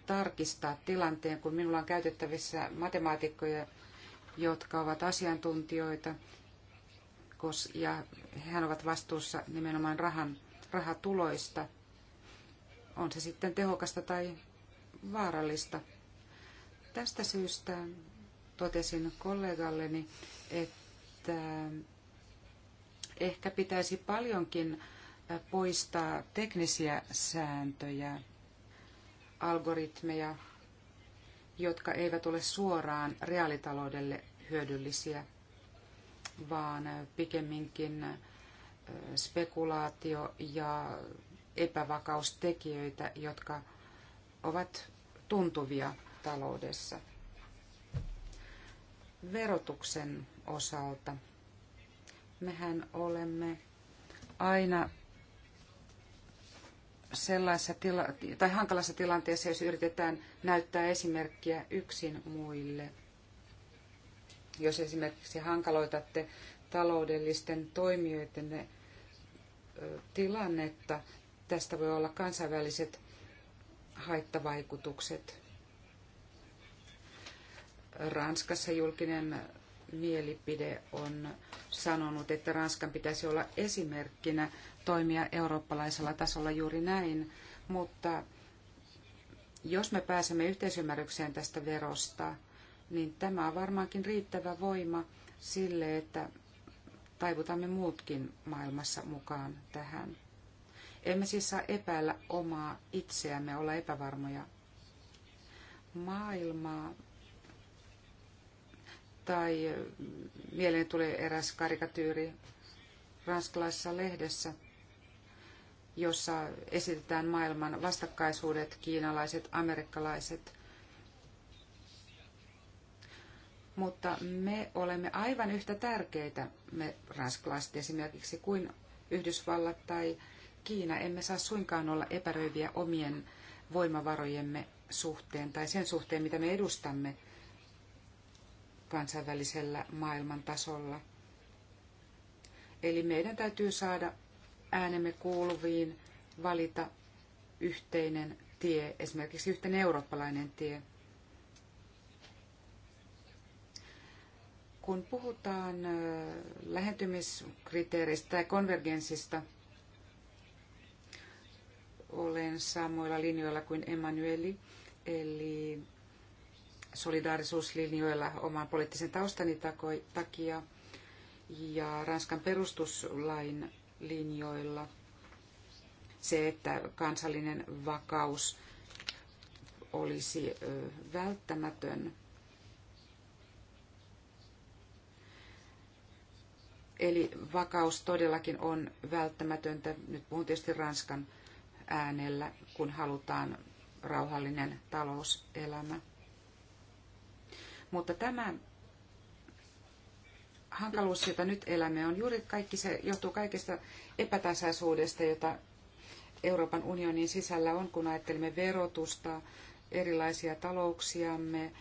tarkistaa tilanteen, kun minulla on käytettävissä matemaatikkoja, jotka ovat asiantuntijoita, ja hän ovat vastuussa nimenomaan rahan, rahatuloista. On se sitten tehokasta tai vaarallista. Tästä syystä totesin kollegalleni, että ehkä pitäisi paljonkin poistaa teknisiä sääntöjä algoritmeja, jotka eivät ole suoraan reaalitaloudelle hyödyllisiä, vaan pikemminkin spekulaatio ja epävakaustekijöitä, jotka ovat tuntuvia taloudessa. Verotuksen osalta mehän olemme aina sellaisessa tila- tai hankalassa tilanteessa, jos yritetään näyttää esimerkkiä yksin muille. Jos esimerkiksi hankaloitatte taloudellisten toimijoiden tilannetta, tästä voi olla kansainväliset haittavaikutukset. Ranskassa julkinen mielipide on sanonut, että Ranskan pitäisi olla esimerkkinä toimia eurooppalaisella tasolla juuri näin, mutta jos me pääsemme yhteisymmärrykseen tästä verosta, niin tämä on varmaankin riittävä voima sille, että taivutamme muutkin maailmassa mukaan tähän. Emme siis saa epäillä omaa itseämme, olla epävarmoja. Maailmaa tai mieleen tuli eräs karikatyyri ranskalaisessa lehdessä, jossa esitetään maailman vastakkaisuudet, kiinalaiset, amerikkalaiset. Mutta me olemme aivan yhtä tärkeitä, me ranskalaiset esimerkiksi, kuin Yhdysvallat tai Kiina. Emme saa suinkaan olla epäröiviä omien voimavarojemme suhteen tai sen suhteen, mitä me edustamme – kansainvälisellä maailman tasolla. Eli meidän täytyy saada äänemme kuuluviin, valita yhteinen tie, esimerkiksi yhteinen eurooppalainen tie. Kun puhutaan lähentymiskriteereistä tai konvergenssista, olen samoilla linjoilla kuin Emanueli, eli solidaarisuuslinjoilla oman poliittisen taustani takia ja Ranskan perustuslain linjoilla se, että kansallinen vakaus olisi välttämätön. Eli vakaus todellakin on välttämätöntä. Nyt puhun tietysti Ranskan äänellä, kun halutaan rauhallinen talouselämä. Mutta tämä hankaluus, jota nyt elämme, on juuri kaikki se, johtuu kaikesta epätasaisuudesta, jota Euroopan unionin sisällä on, kun ajattelemme verotusta, erilaisia talouksiamme,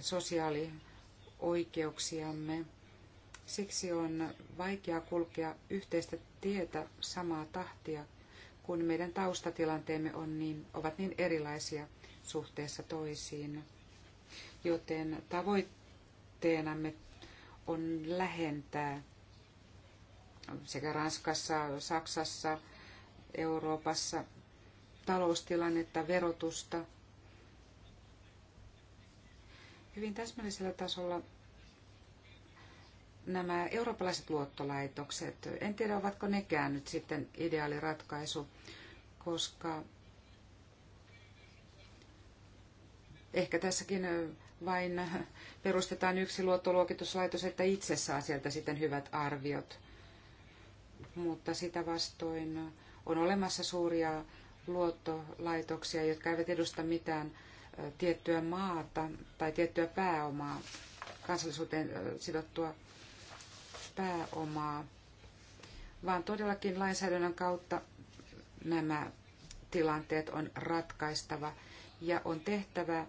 sosiaalioikeuksiamme. Siksi on vaikea kulkea yhteistä tietä samaa tahtia, kun meidän taustatilanteemme on niin, ovat niin erilaisia suhteessa toisiin joten tavoitteenamme on lähentää sekä Ranskassa, Saksassa, Euroopassa taloustilannetta, verotusta hyvin täsmällisellä tasolla nämä eurooppalaiset luottolaitokset. En tiedä, ovatko nekään nyt sitten ideaali ratkaisu, koska ehkä tässäkin vain perustetaan yksi luottoluokituslaitos, että itse saa sieltä sitten hyvät arviot. Mutta sitä vastoin on olemassa suuria luottolaitoksia, jotka eivät edusta mitään tiettyä maata tai tiettyä pääomaa, kansallisuuteen sidottua pääomaa, vaan todellakin lainsäädännön kautta nämä tilanteet on ratkaistava ja on tehtävä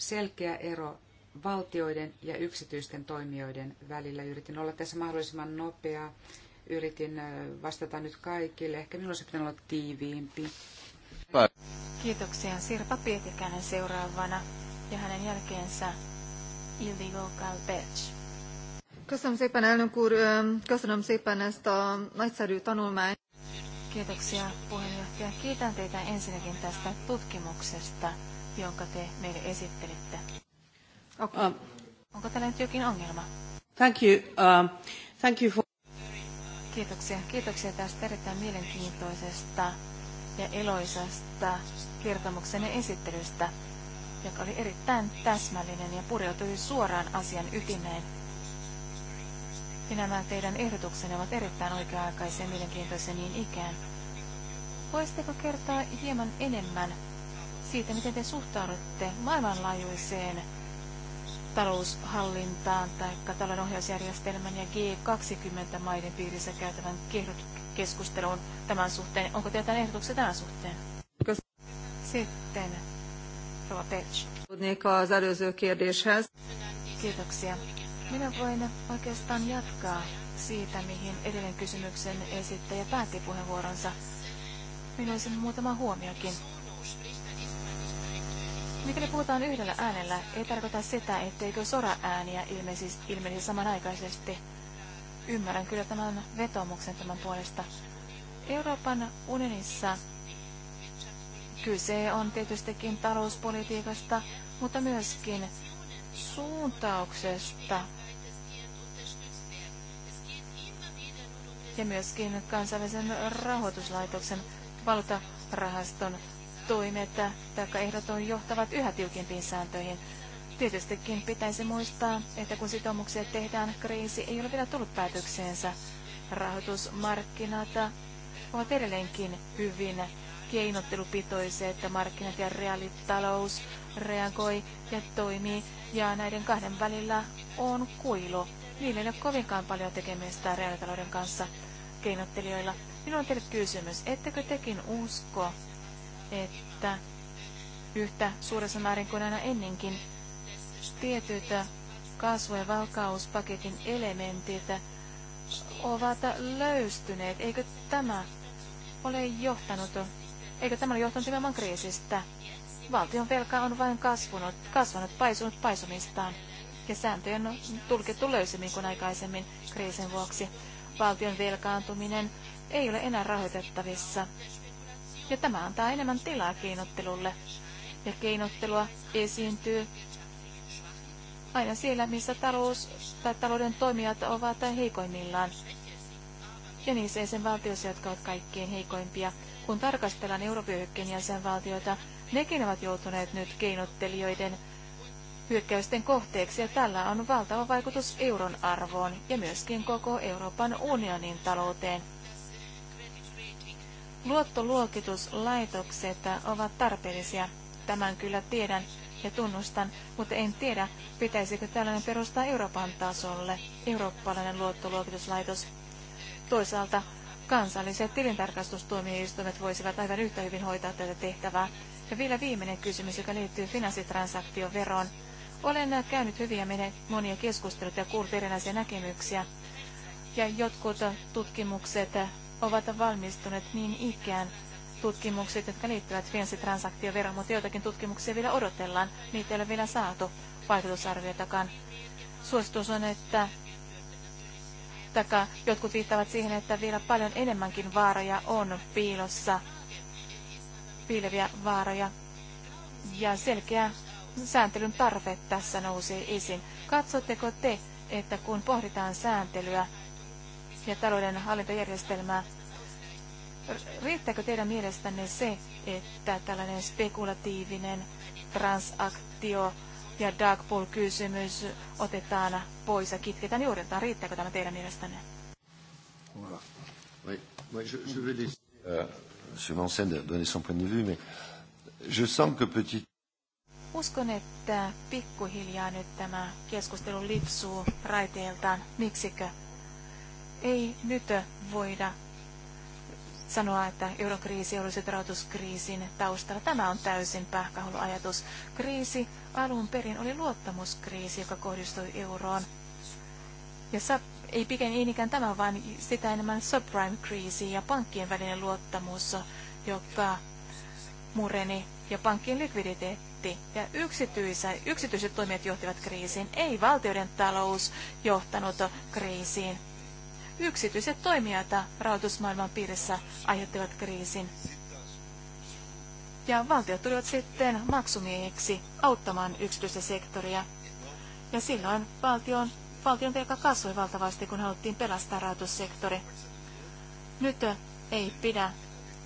selkeä ero valtioiden ja yksityisten toimijoiden välillä. Yritin olla tässä mahdollisimman nopea. Yritin vastata nyt kaikille. Ehkä minulla se pitää olla tiiviimpi. Kiitoksia Sirpa Pietikäinen seuraavana ja hänen jälkeensä Illegal Calpech. Köszönöm szépen, elnök úr, köszönöm szépen ezt a nagyszerű tanulmányt. Kiitoksia puheenjohtaja. Kiitän teitä ensinnäkin tästä tutkimuksesta jonka te meille esittelitte. Okay. Um, Onko tällä nyt jokin ongelma? Thank you. Um, thank you for... Kiitoksia. Kiitoksia tästä erittäin mielenkiintoisesta ja eloisasta kertomuksen esittelystä, joka oli erittäin täsmällinen ja pureutui suoraan asian ytimeen. Ja nämä teidän ehdotuksenne ovat erittäin oikea-aikaisia ja mielenkiintoisia niin ikään. Voisitteko kertoa hieman enemmän siitä, miten te suhtaudutte maailmanlaajuiseen taloushallintaan tai taloudenohjausjärjestelmän ja G20-maiden piirissä käytävän keskusteluun tämän suhteen. Onko teillä ehdotuksia tämän suhteen? Sitten Rova Pelch. Kiitoksia. Minä voin oikeastaan jatkaa siitä, mihin edellinen kysymyksen esittäjä päätti puheenvuoronsa. Minulla olisin muutama huomiokin. Mikäli puhutaan yhdellä äänellä, ei tarkoita sitä, etteikö sora-ääniä ilmeisi, samanaikaisesti. Ymmärrän kyllä tämän vetomuksen tämän puolesta. Euroopan unionissa kyse on tietystikin talouspolitiikasta, mutta myöskin suuntauksesta ja myöskin kansainvälisen rahoituslaitoksen valuutarahaston toimet tai ehdoton johtavat yhä tiukempiin sääntöihin. Tietystikin pitäisi muistaa, että kun sitoumuksia tehdään, kriisi ei ole vielä tullut päätökseensä. Rahoitusmarkkinat ovat edelleenkin hyvin keinottelupitoiset, että markkinat ja reaalitalous reagoi ja toimii, ja näiden kahden välillä on kuilu. Niillä ei ole kovinkaan paljon tekemistä reaalitalouden kanssa keinottelijoilla. Minulla on teille kysymys, ettekö tekin usko, että yhtä suuressa määrin kuin aina ennenkin tietyt kasvu- ja valkauspaketin elementit ovat löystyneet. Eikö tämä ole johtanut, eikö tämä ole johtanut tämän kriisistä? Valtion velka on vain kasvanut, kasvanut paisunut paisumistaan ja sääntöjä on tulkittu löysemmin kuin aikaisemmin kriisin vuoksi. Valtion velkaantuminen ei ole enää rahoitettavissa ja tämä antaa enemmän tilaa keinottelulle. Ja keinottelua esiintyy aina siellä, missä talous tai talouden toimijat ovat heikoimmillaan. Ja niissä jäsenvaltioissa, jotka ovat kaikkein heikoimpia. Kun tarkastellaan Euroopan jäsenvaltioita, nekin ovat joutuneet nyt keinottelijoiden hyökkäysten kohteeksi ja tällä on valtava vaikutus euron arvoon ja myöskin koko Euroopan unionin talouteen. Luottoluokituslaitokset ovat tarpeellisia. Tämän kyllä tiedän ja tunnustan, mutta en tiedä, pitäisikö tällainen perustaa Euroopan tasolle, eurooppalainen luottoluokituslaitos. Toisaalta kansalliset tilintarkastustuomioistuimet voisivat aivan yhtä hyvin hoitaa tätä tehtävää. Ja vielä viimeinen kysymys, joka liittyy finanssitransaktioveroon. Olen käynyt hyviä monia keskusteluita ja kuullut erilaisia näkemyksiä. Ja jotkut tutkimukset ovat valmistuneet niin ikään tutkimukset, jotka liittyvät finanssitransaktioveroon, mutta joitakin tutkimuksia vielä odotellaan. Niitä ei ole vielä saatu vaikutusarvioitakaan. Suositus on, että taka, jotkut viittavat siihen, että vielä paljon enemmänkin vaaroja on piilossa, piileviä vaaroja. Ja selkeä sääntelyn tarve tässä nousee esiin. Katsotteko te, että kun pohditaan sääntelyä, ja talouden hallintajärjestelmää. Riittääkö teidän mielestänne se, että tällainen spekulatiivinen transaktio ja dark pool kysymys otetaan pois ja kitketään juuriltaan? Riittääkö tämä teidän mielestänne? Euh, Uskon, että pikkuhiljaa nyt tämä keskustelu lipsuu raiteeltaan. Miksikö? Ei nyt voida sanoa, että eurokriisi olisi rahoituskriisin taustalla. Tämä on täysin pähkähulluajatus. Kriisi alun perin oli luottamuskriisi, joka kohdistui euroon. Ja sub, ei pikemmin niinkään tämä, vaan sitä enemmän subprime-kriisi ja pankkien välinen luottamus, joka mureni ja pankkien likviditeetti ja yksityisä, yksityiset toimijat johtivat kriisiin, ei valtioiden talous johtanut kriisiin yksityiset toimijat rahoitusmaailman piirissä aiheuttivat kriisin. Ja valtiot tulivat sitten maksumieheksi auttamaan yksityistä sektoria. Ja silloin valtion, valtion velka kasvoi valtavasti, kun haluttiin pelastaa rahoitussektori. Nyt ei pidä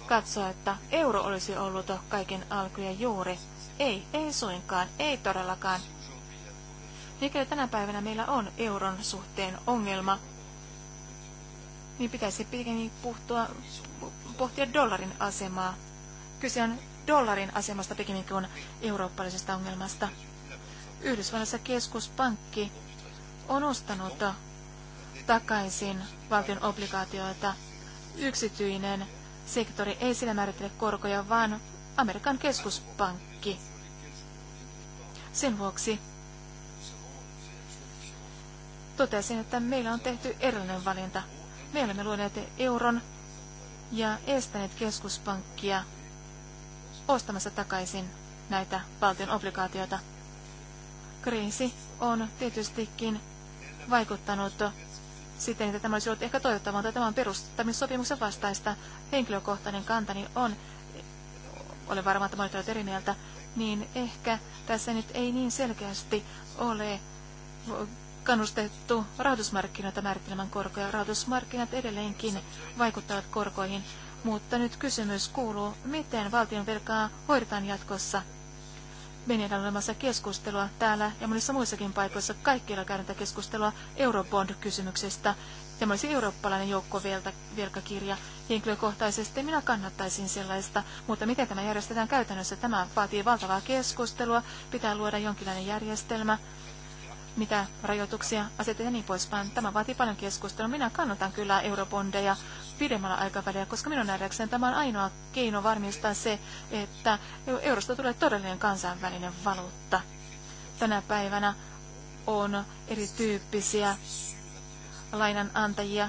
katsoa, että euro olisi ollut kaiken alkujen juuri. Ei, ei suinkaan, ei todellakaan. Mikäli tänä päivänä meillä on euron suhteen ongelma, niin pitäisi pikemminkin puhtua, pohtia dollarin asemaa. Kyse on dollarin asemasta pikemminkin kuin eurooppalaisesta ongelmasta. Yhdysvallassa keskuspankki on ostanut takaisin valtion obligaatioita. Yksityinen sektori ei sillä määrittele korkoja, vaan Amerikan keskuspankki. Sen vuoksi totesin, että meillä on tehty erilainen valinta me olemme luoneet euron ja estäneet keskuspankkia ostamassa takaisin näitä valtion obligaatioita. Kriisi on tietystikin vaikuttanut siten, että tämä olisi ollut ehkä toivottavaa, mutta on perustamissopimuksen vastaista henkilökohtainen kantani on, olen varma, että monet eri mieltä, niin ehkä tässä nyt ei niin selkeästi ole kannustettu rahoitusmarkkinoita määrittelemään korkoja. Rahoitusmarkkinat edelleenkin vaikuttavat korkoihin, mutta nyt kysymys kuuluu, miten valtion velkaa hoidetaan jatkossa. Meneillään olemassa keskustelua täällä ja monissa muissakin paikoissa kaikkialla käydään keskustelua Eurobond-kysymyksestä. Tämä olisi eurooppalainen joukkovelkakirja. Henkilökohtaisesti minä kannattaisin sellaista, mutta miten tämä järjestetään käytännössä? Tämä vaatii valtavaa keskustelua, pitää luoda jonkinlainen järjestelmä, mitä rajoituksia asetetaan niin poispäin. Tämä vaatii paljon keskustelua. Minä kannatan kyllä eurobondeja pidemmällä aikavälillä, koska minun nähdäkseni tämä on ainoa keino varmistaa se, että eurosta tulee todellinen kansainvälinen valuutta. Tänä päivänä on erityyppisiä lainanantajia,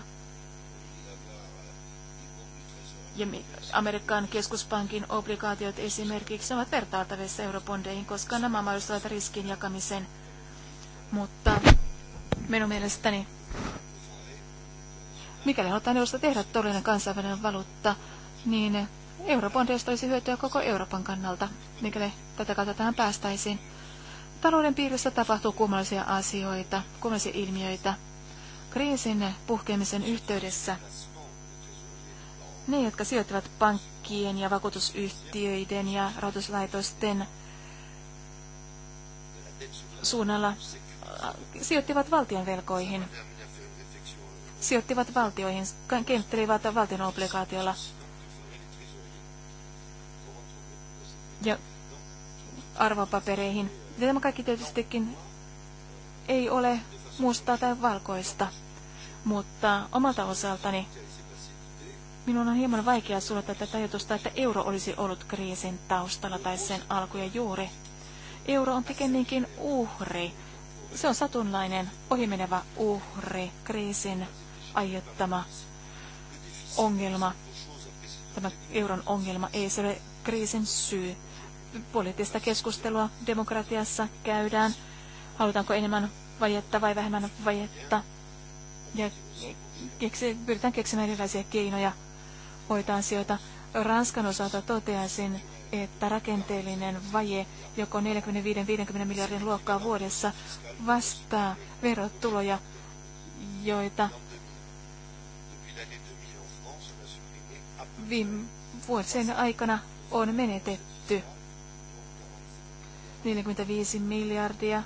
ja Amerikan keskuspankin obligaatiot esimerkiksi ovat vertailtavissa eurobondeihin, koska nämä mahdollistavat riskin jakamisen – mutta minun mielestäni, mikäli halutaan eurosta tehdä todellinen kansainvälinen valuutta, niin eurobondeista olisi hyötyä koko Euroopan kannalta, mikäli tätä kautta tähän päästäisiin. Talouden piirissä tapahtuu kummallisia asioita, kummallisia ilmiöitä. Kriisin puhkeamisen yhteydessä ne, jotka sijoittavat pankkien ja vakuutusyhtiöiden ja rahoituslaitosten suunnalla sijoittivat valtion velkoihin, sijoittivat valtioihin, kenttelivät valtion obligaatiolla ja arvopapereihin. Ja tämä kaikki tietystikin ei ole mustaa tai valkoista, mutta omalta osaltani minun on hieman vaikea sulata tätä ajatusta, että euro olisi ollut kriisin taustalla tai sen alkuja juuri. Euro on pikemminkin uhri se on satunnainen, ohimenevä uhri, kriisin aiheuttama ongelma. Tämä euron ongelma ei se ole kriisin syy. Poliittista keskustelua demokratiassa käydään. Halutaanko enemmän vajetta vai vähemmän vajetta? Ja keksi, pyritään keksimään erilaisia keinoja hoitaa asioita. Ranskan osalta toteaisin, että rakenteellinen vaje, joko 45-50 miljardin luokkaa vuodessa, vastaa verotuloja, joita viime vuosien aikana on menetetty. 45 miljardia,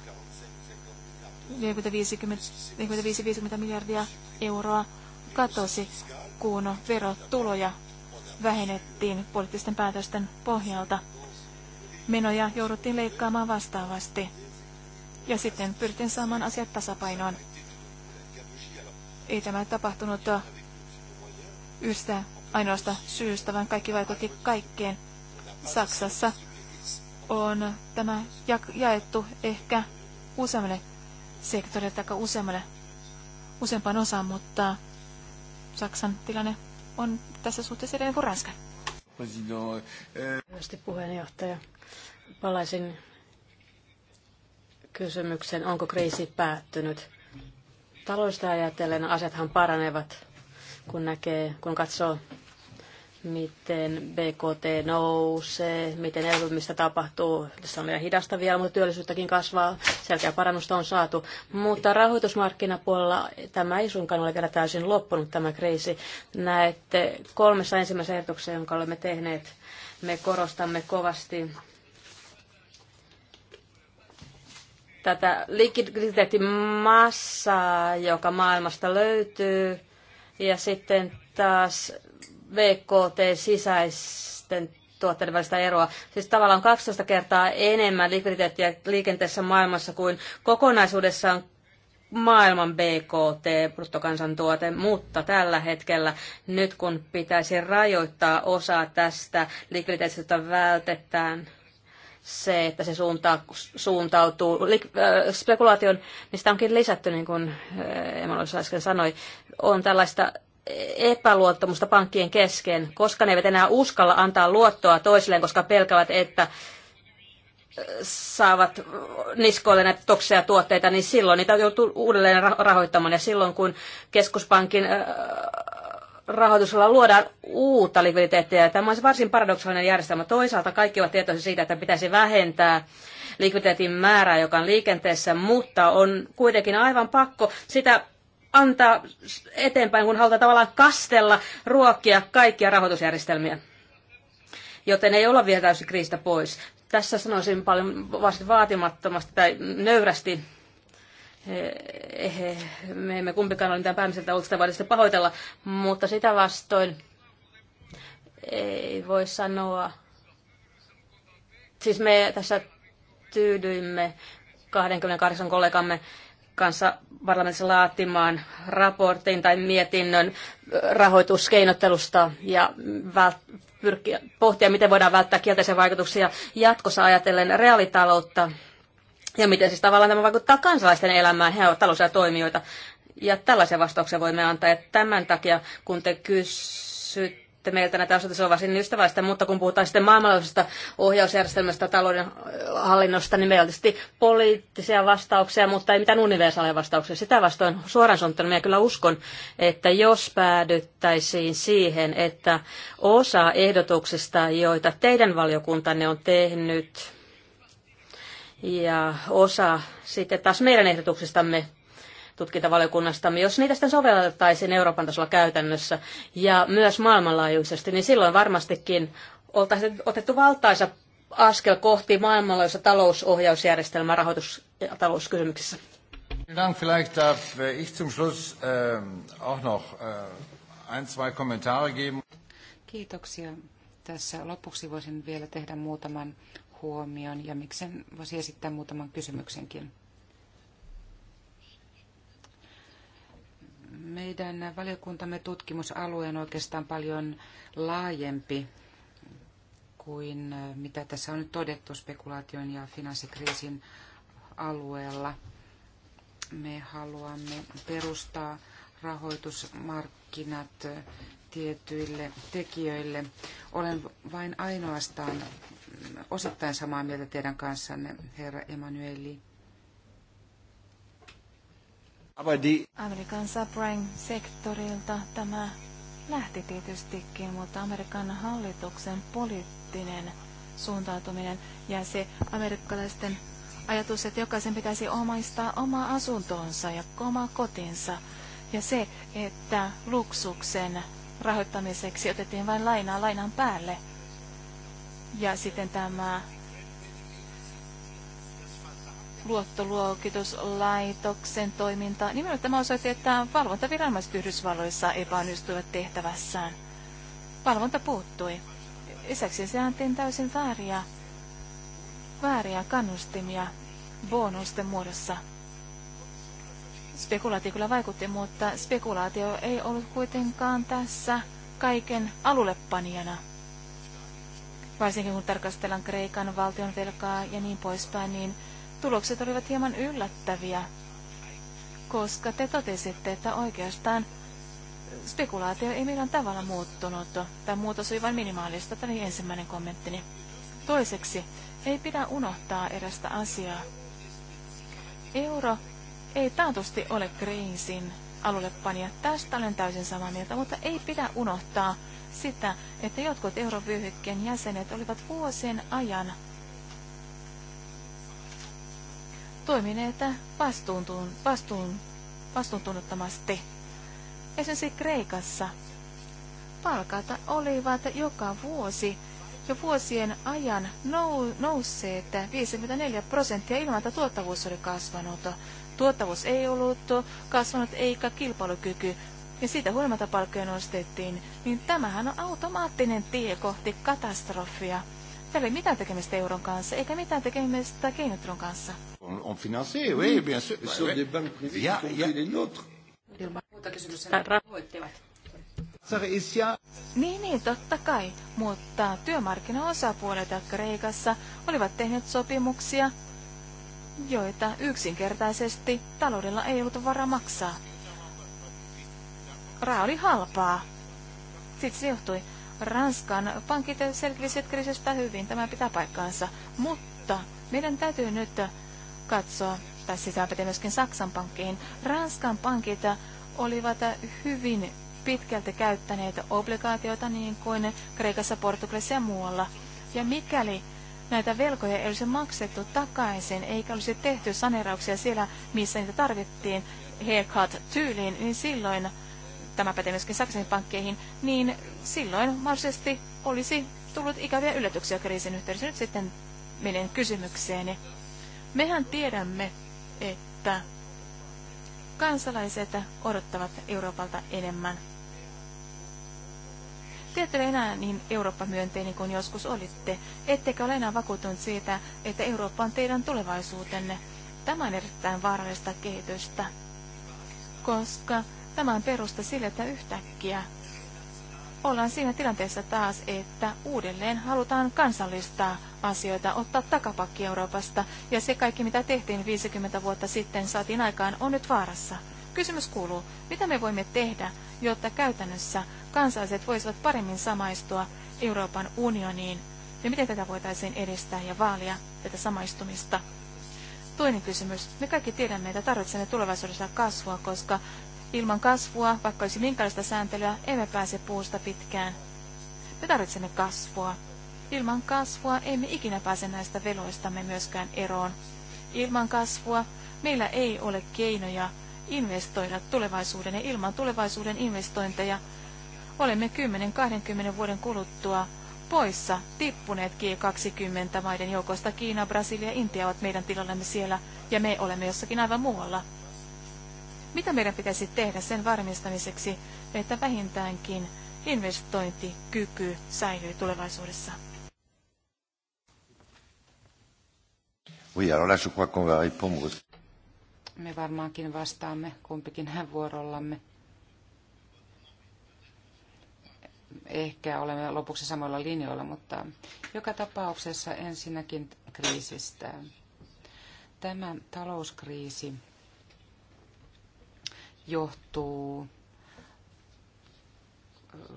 45-50 miljardia euroa katosi, kun verotuloja vähennettiin poliittisten päätösten pohjalta. Menoja jouduttiin leikkaamaan vastaavasti. Ja sitten pyrittiin saamaan asiat tasapainoon. Ei tämä tapahtunut yhtä ainoasta syystä, vaan kaikki vaikutti kaikkeen. Saksassa on tämä jaettu ehkä useammalle sektorille tai useammalle, useampaan osaan, mutta Saksan tilanne on tässä suhteessa edelleen kuin Ranska. puheenjohtaja. Palaisin kysymykseen, onko kriisi päättynyt. Taloudesta ajatellen asiathan paranevat, kun näkee, kun katsoo miten BKT nousee, miten elpymistä tapahtuu. Tässä on vielä hidasta vielä, mutta työllisyyttäkin kasvaa. Selkeä parannusta on saatu. Mutta rahoitusmarkkinapuolella tämä ei suinkaan ole vielä täysin loppunut tämä kriisi. Näette kolmessa ensimmäisessä ehdotuksessa, jonka olemme tehneet, me korostamme kovasti tätä likviditeettimassaa, joka maailmasta löytyy. Ja sitten taas VKT-sisäisten tuotteiden välistä eroa. Siis tavallaan 12 kertaa enemmän likviditeettiä liikenteessä maailmassa kuin kokonaisuudessaan maailman BKT, bruttokansantuote, mutta tällä hetkellä nyt kun pitäisi rajoittaa osaa tästä likviditeetistä vältetään se, että se suunta, suuntautuu äh, spekulaation, mistä onkin lisätty, niin kuin äh, Emanuel äsken sanoi, on tällaista epäluottamusta pankkien kesken, koska ne eivät enää uskalla antaa luottoa toisilleen, koska pelkävät, että saavat niskoille näitä toksia tuotteita, niin silloin niitä joutuu uudelleen rahoittamaan. Ja silloin kun keskuspankin rahoitusella luodaan uutta likviditeettiä, tämä on varsin paradoksaalinen järjestelmä. Toisaalta kaikki ovat tietoisia siitä, että pitäisi vähentää likviditeetin määrää, joka on liikenteessä, mutta on kuitenkin aivan pakko sitä antaa eteenpäin, kun halutaan tavallaan kastella, ruokkia kaikkia rahoitusjärjestelmiä. Joten ei olla vielä täysin kriisistä pois. Tässä sanoisin paljon varsin vaatimattomasti tai nöyrästi me emme kumpikaan ole mitään päämiseltä ollut sitä pahoitella, mutta sitä vastoin ei voi sanoa. Siis me tässä tyydyimme 28 kollegamme kanssa parlamentissa laatimaan raportin tai mietinnön rahoituskeinottelusta ja vält- pyrkiä, pohtia, miten voidaan välttää kielteisiä vaikutuksia jatkossa ajatellen reaalitaloutta ja miten siis tavallaan tämä vaikuttaa kansalaisten elämään. He ovat taloudellisia toimijoita. Ja tällaisen vastauksen voimme antaa. Ja tämän takia, kun te kysytte, että meiltä näitä asioita se on varsin ystävällistä, mutta kun puhutaan sitten maailmanlaajuisesta ohjausjärjestelmästä talouden äh, hallinnosta, niin meillä on tietysti poliittisia vastauksia, mutta ei mitään universaaleja vastauksia. Sitä vastoin suoraan sanottuna minä kyllä uskon, että jos päädyttäisiin siihen, että osa ehdotuksista, joita teidän valiokuntanne on tehnyt, ja osa sitten taas meidän ehdotuksistamme tutkintavaliokunnastamme, jos niitä sitten sovellettaisiin Euroopan tasolla käytännössä ja myös maailmanlaajuisesti, niin silloin varmastikin oltaisiin otettu valtaisa askel kohti maailmanlaajuista talousohjausjärjestelmää rahoitus- ja talouskysymyksissä. Vielleicht darf äh, ich zum Schluss ähm, auch noch äh, ein, zwei Kommentare geben. Kiitoksia. Tässä lopuksi voisin vielä tehdä muutaman huomion ja miksen voisi esittää muutaman kysymyksenkin. Meidän valiokuntamme tutkimusalue on oikeastaan paljon laajempi kuin äh, mitä tässä on nyt todettu spekulaation ja finanssikriisin alueella. Me haluamme perustaa rahoitusmarkkinat äh, tietyille tekijöille. Olen vain ainoastaan osittain samaa mieltä teidän kanssanne, herra Emanueli. Amerikan subprime-sektorilta tämä lähti tietystikin, mutta Amerikan hallituksen poliittinen suuntautuminen ja se amerikkalaisten ajatus, että jokaisen pitäisi omaistaa oma asuntonsa ja oma kotinsa. Ja se, että luksuksen rahoittamiseksi otettiin vain lainaa lainan päälle. Ja sitten tämä luottoluokituslaitoksen toiminta. Nimenomaan tämä osoitti, että valvontaviranomaiset Yhdysvalloissa epäonnistuivat tehtävässään. Valvonta puuttui. Lisäksi se antiin täysin vääriä, vääriä kannustimia bonusten muodossa. Spekulaatio kyllä vaikutti, mutta spekulaatio ei ollut kuitenkaan tässä kaiken alullepanijana varsinkin kun tarkastellaan Kreikan valtion velkaa ja niin poispäin, niin Tulokset olivat hieman yllättäviä, koska te totesitte, että oikeastaan spekulaatio ei millään tavalla muuttunut, tämä muutos oli vain minimaalista. Tämä oli ensimmäinen kommenttini. Toiseksi, ei pidä unohtaa erästä asiaa. Euro ei taatusti ole kriisin panija. Tästä olen täysin samaa mieltä, mutta ei pidä unohtaa sitä, että jotkut eurovyöhykkeen jäsenet olivat vuosien ajan toimineet vastuuntun, vastuuntunnottomasti. Esimerkiksi Kreikassa palkat olivat joka vuosi jo vuosien ajan nou, nousseet 54 prosenttia ilman, että tuottavuus oli kasvanut. Tuottavuus ei ollut kasvanut eikä kilpailukyky, ja siitä huolimatta palkkoja nostettiin, niin tämähän on automaattinen tie kohti katastrofia. Tällä ei mitään tekemistä euron kanssa, eikä mitään tekemistä keinottelun kanssa. On, on financé, oui, mm. bien sûr. Sur des banques privées, ja, ja. les nôtres. Ilman muuta kysymys, Niin, niin, totta kai. Mutta työmarkkinaosapuolet Kreikassa olivat tehneet sopimuksia, joita yksinkertaisesti taloudella ei ollut varaa maksaa. Raha oli halpaa. Sitten se johtui Ranskan pankit selvisivät kriisistä hyvin, tämä pitää paikkaansa, mutta meidän täytyy nyt katsoa, tai sitä pitää myöskin Saksan pankkiin. Ranskan pankit olivat hyvin pitkälti käyttäneet obligaatioita niin kuin Kreikassa, Portugalissa ja muualla. Ja mikäli näitä velkoja ei olisi maksettu takaisin, eikä olisi tehty sanerauksia siellä, missä niitä tarvittiin haircut-tyyliin, niin silloin tämä pätee myöskin Saksan pankkeihin, niin silloin mahdollisesti olisi tullut ikäviä yllätyksiä kriisin yhteydessä. Nyt sitten menen kysymykseeni. Mehän tiedämme, että kansalaiset odottavat Euroopalta enemmän. Te ette ole enää niin Eurooppa-myönteinen kuin joskus olitte, ettekä ole enää vakuutunut siitä, että Eurooppa on teidän tulevaisuutenne. Tämä on erittäin vaarallista kehitystä, koska Tämä on perusta sille, että yhtäkkiä ollaan siinä tilanteessa taas, että uudelleen halutaan kansallistaa asioita, ottaa takapakki Euroopasta, ja se kaikki, mitä tehtiin 50 vuotta sitten, saatiin aikaan, on nyt vaarassa. Kysymys kuuluu, mitä me voimme tehdä, jotta käytännössä kansalaiset voisivat paremmin samaistua Euroopan unioniin, ja miten tätä voitaisiin edistää ja vaalia tätä samaistumista? Toinen kysymys. Me kaikki tiedämme, että tarvitsemme tulevaisuudessa kasvua, koska Ilman kasvua, vaikka olisi minkälaista sääntelyä, emme pääse puusta pitkään. Me tarvitsemme kasvua. Ilman kasvua emme ikinä pääse näistä veloistamme myöskään eroon. Ilman kasvua meillä ei ole keinoja investoida tulevaisuuden ja ilman tulevaisuuden investointeja olemme 10-20 vuoden kuluttua poissa tippuneet G20-maiden joukosta. Kiina, Brasilia ja Intia ovat meidän tilallemme siellä ja me olemme jossakin aivan muualla. Mitä meidän pitäisi tehdä sen varmistamiseksi, että vähintäänkin investointikyky säilyy tulevaisuudessa? Oui, alors là, je crois Me varmaankin vastaamme kumpikin hän vuorollamme. Ehkä olemme lopuksi samoilla linjoilla, mutta joka tapauksessa ensinnäkin kriisistä. Tämä talouskriisi johtuu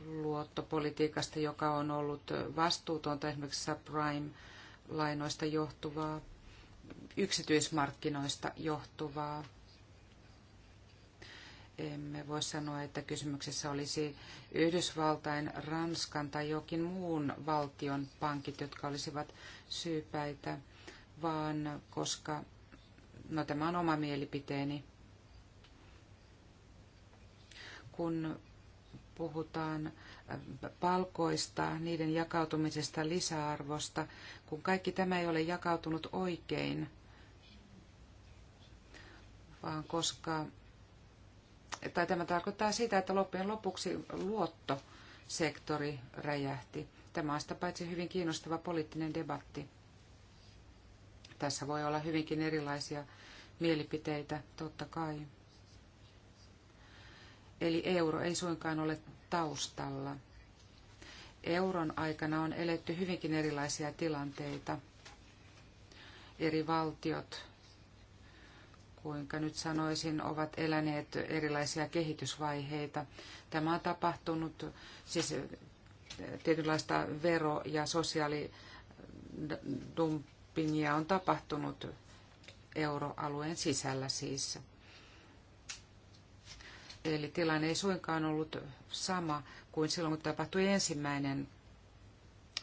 luottopolitiikasta, joka on ollut vastuutonta esimerkiksi subprime-lainoista johtuvaa, yksityismarkkinoista johtuvaa. Emme voi sanoa, että kysymyksessä olisi Yhdysvaltain, Ranskan tai jokin muun valtion pankit, jotka olisivat syypäitä, vaan koska, no tämä on oma mielipiteeni, kun puhutaan äh, palkoista, niiden jakautumisesta, lisäarvosta, kun kaikki tämä ei ole jakautunut oikein, vaan koska, tai tämä tarkoittaa sitä, että loppujen lopuksi luottosektori räjähti. Tämä on sitä paitsi hyvin kiinnostava poliittinen debatti. Tässä voi olla hyvinkin erilaisia mielipiteitä, totta kai. Eli euro ei suinkaan ole taustalla. Euron aikana on eletty hyvinkin erilaisia tilanteita. Eri valtiot, kuinka nyt sanoisin, ovat eläneet erilaisia kehitysvaiheita. Tämä on tapahtunut siis eh, tietynlaista vero- ja sosiaalidumpingia on tapahtunut euroalueen sisällä siis. Eli tilanne ei suinkaan ollut sama kuin silloin, kun tapahtui ensimmäinen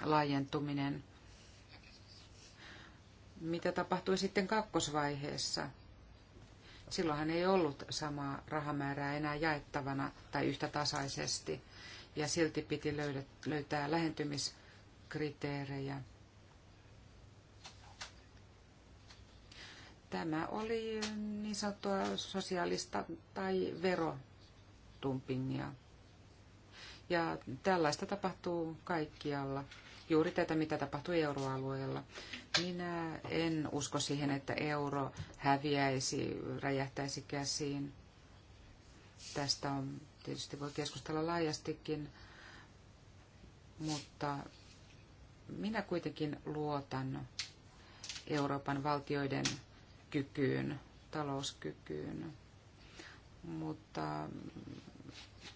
laajentuminen. Mitä tapahtui sitten kakkosvaiheessa? Silloinhan ei ollut samaa rahamäärää enää jaettavana tai yhtä tasaisesti, ja silti piti löytää lähentymiskriteerejä. Tämä oli niin sanottua sosiaalista tai vero dumpingia. Ja tällaista tapahtuu kaikkialla, juuri tätä mitä tapahtuu euroalueella. Minä en usko siihen, että euro häviäisi, räjähtäisi käsiin. Tästä on tietysti voi keskustella laajastikin, mutta minä kuitenkin luotan Euroopan valtioiden kykyyn, talouskykyyn mutta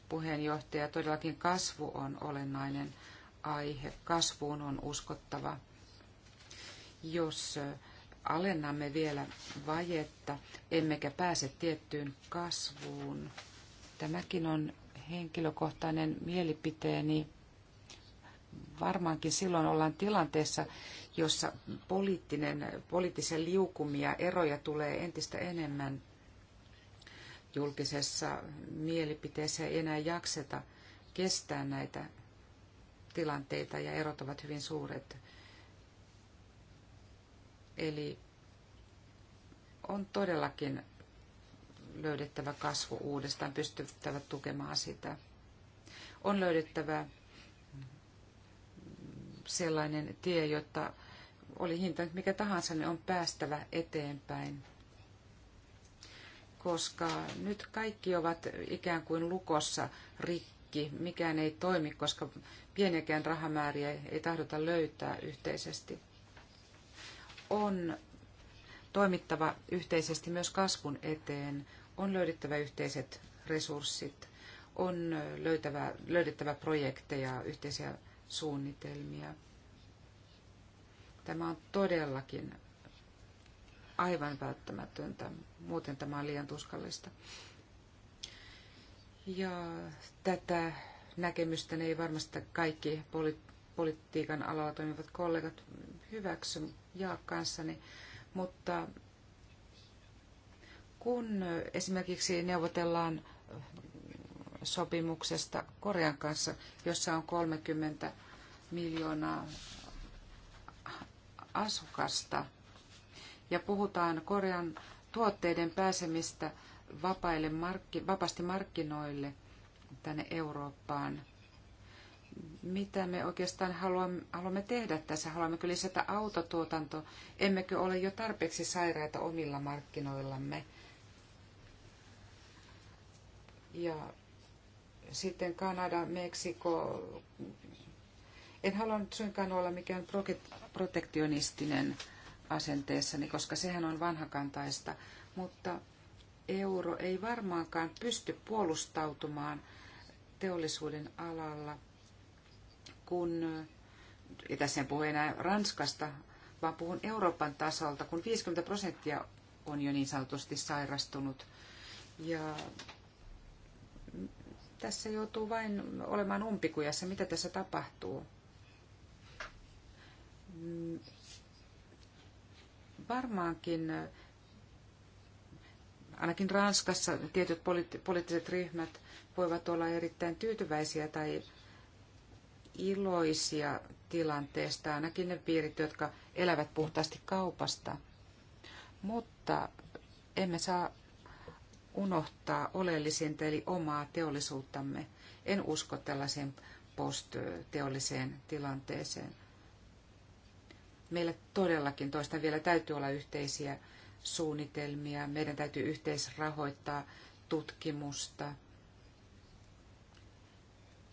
puheenjohtaja, todellakin kasvu on olennainen aihe. Kasvuun on uskottava. Jos alennamme vielä vajetta, emmekä pääse tiettyyn kasvuun, tämäkin on henkilökohtainen mielipiteeni. Varmaankin silloin ollaan tilanteessa, jossa poliittinen, poliittisen liukumia, eroja tulee entistä enemmän – julkisessa mielipiteessä ei enää jakseta kestää näitä tilanteita ja erot ovat hyvin suuret. Eli on todellakin löydettävä kasvu uudestaan, pystyttävä tukemaan sitä. On löydettävä sellainen tie, jotta oli hinta mikä tahansa, niin on päästävä eteenpäin koska nyt kaikki ovat ikään kuin lukossa rikki, mikään ei toimi, koska pieniäkään rahamääriä ei tahdota löytää yhteisesti. On toimittava yhteisesti myös kasvun eteen, on löydettävä yhteiset resurssit, on löytävä, löydettävä projekteja, yhteisiä suunnitelmia. Tämä on todellakin aivan välttämätöntä, muuten tämä on liian tuskallista. Ja tätä näkemystä ei varmasti kaikki poli- politiikan alalla toimivat kollegat hyväksy jaa kanssani, mutta kun esimerkiksi neuvotellaan sopimuksesta Korean kanssa, jossa on 30 miljoonaa asukasta, ja puhutaan Korean tuotteiden pääsemistä vapaille markki, vapaasti markkinoille tänne Eurooppaan. Mitä me oikeastaan haluamme, haluamme tehdä tässä? Haluammeko lisätä autotuotanto? Emmekö ole jo tarpeeksi sairaita omilla markkinoillamme? Ja sitten Kanada, Meksiko. En halua nyt suinkaan olla mikään protektionistinen asenteessani, koska sehän on vanhakantaista, mutta euro ei varmaankaan pysty puolustautumaan teollisuuden alalla, kun, ja tässä en puhu enää Ranskasta, vaan puhun Euroopan tasolta, kun 50 prosenttia on jo niin sanotusti sairastunut. Ja tässä joutuu vain olemaan umpikujassa, mitä tässä tapahtuu varmaankin ainakin Ranskassa tietyt poliittiset ryhmät voivat olla erittäin tyytyväisiä tai iloisia tilanteesta, ainakin ne piirit, jotka elävät puhtaasti kaupasta. Mutta emme saa unohtaa oleellisinta eli omaa teollisuuttamme. En usko tällaiseen postteolliseen tilanteeseen meillä todellakin toista vielä täytyy olla yhteisiä suunnitelmia. Meidän täytyy yhteisrahoittaa tutkimusta.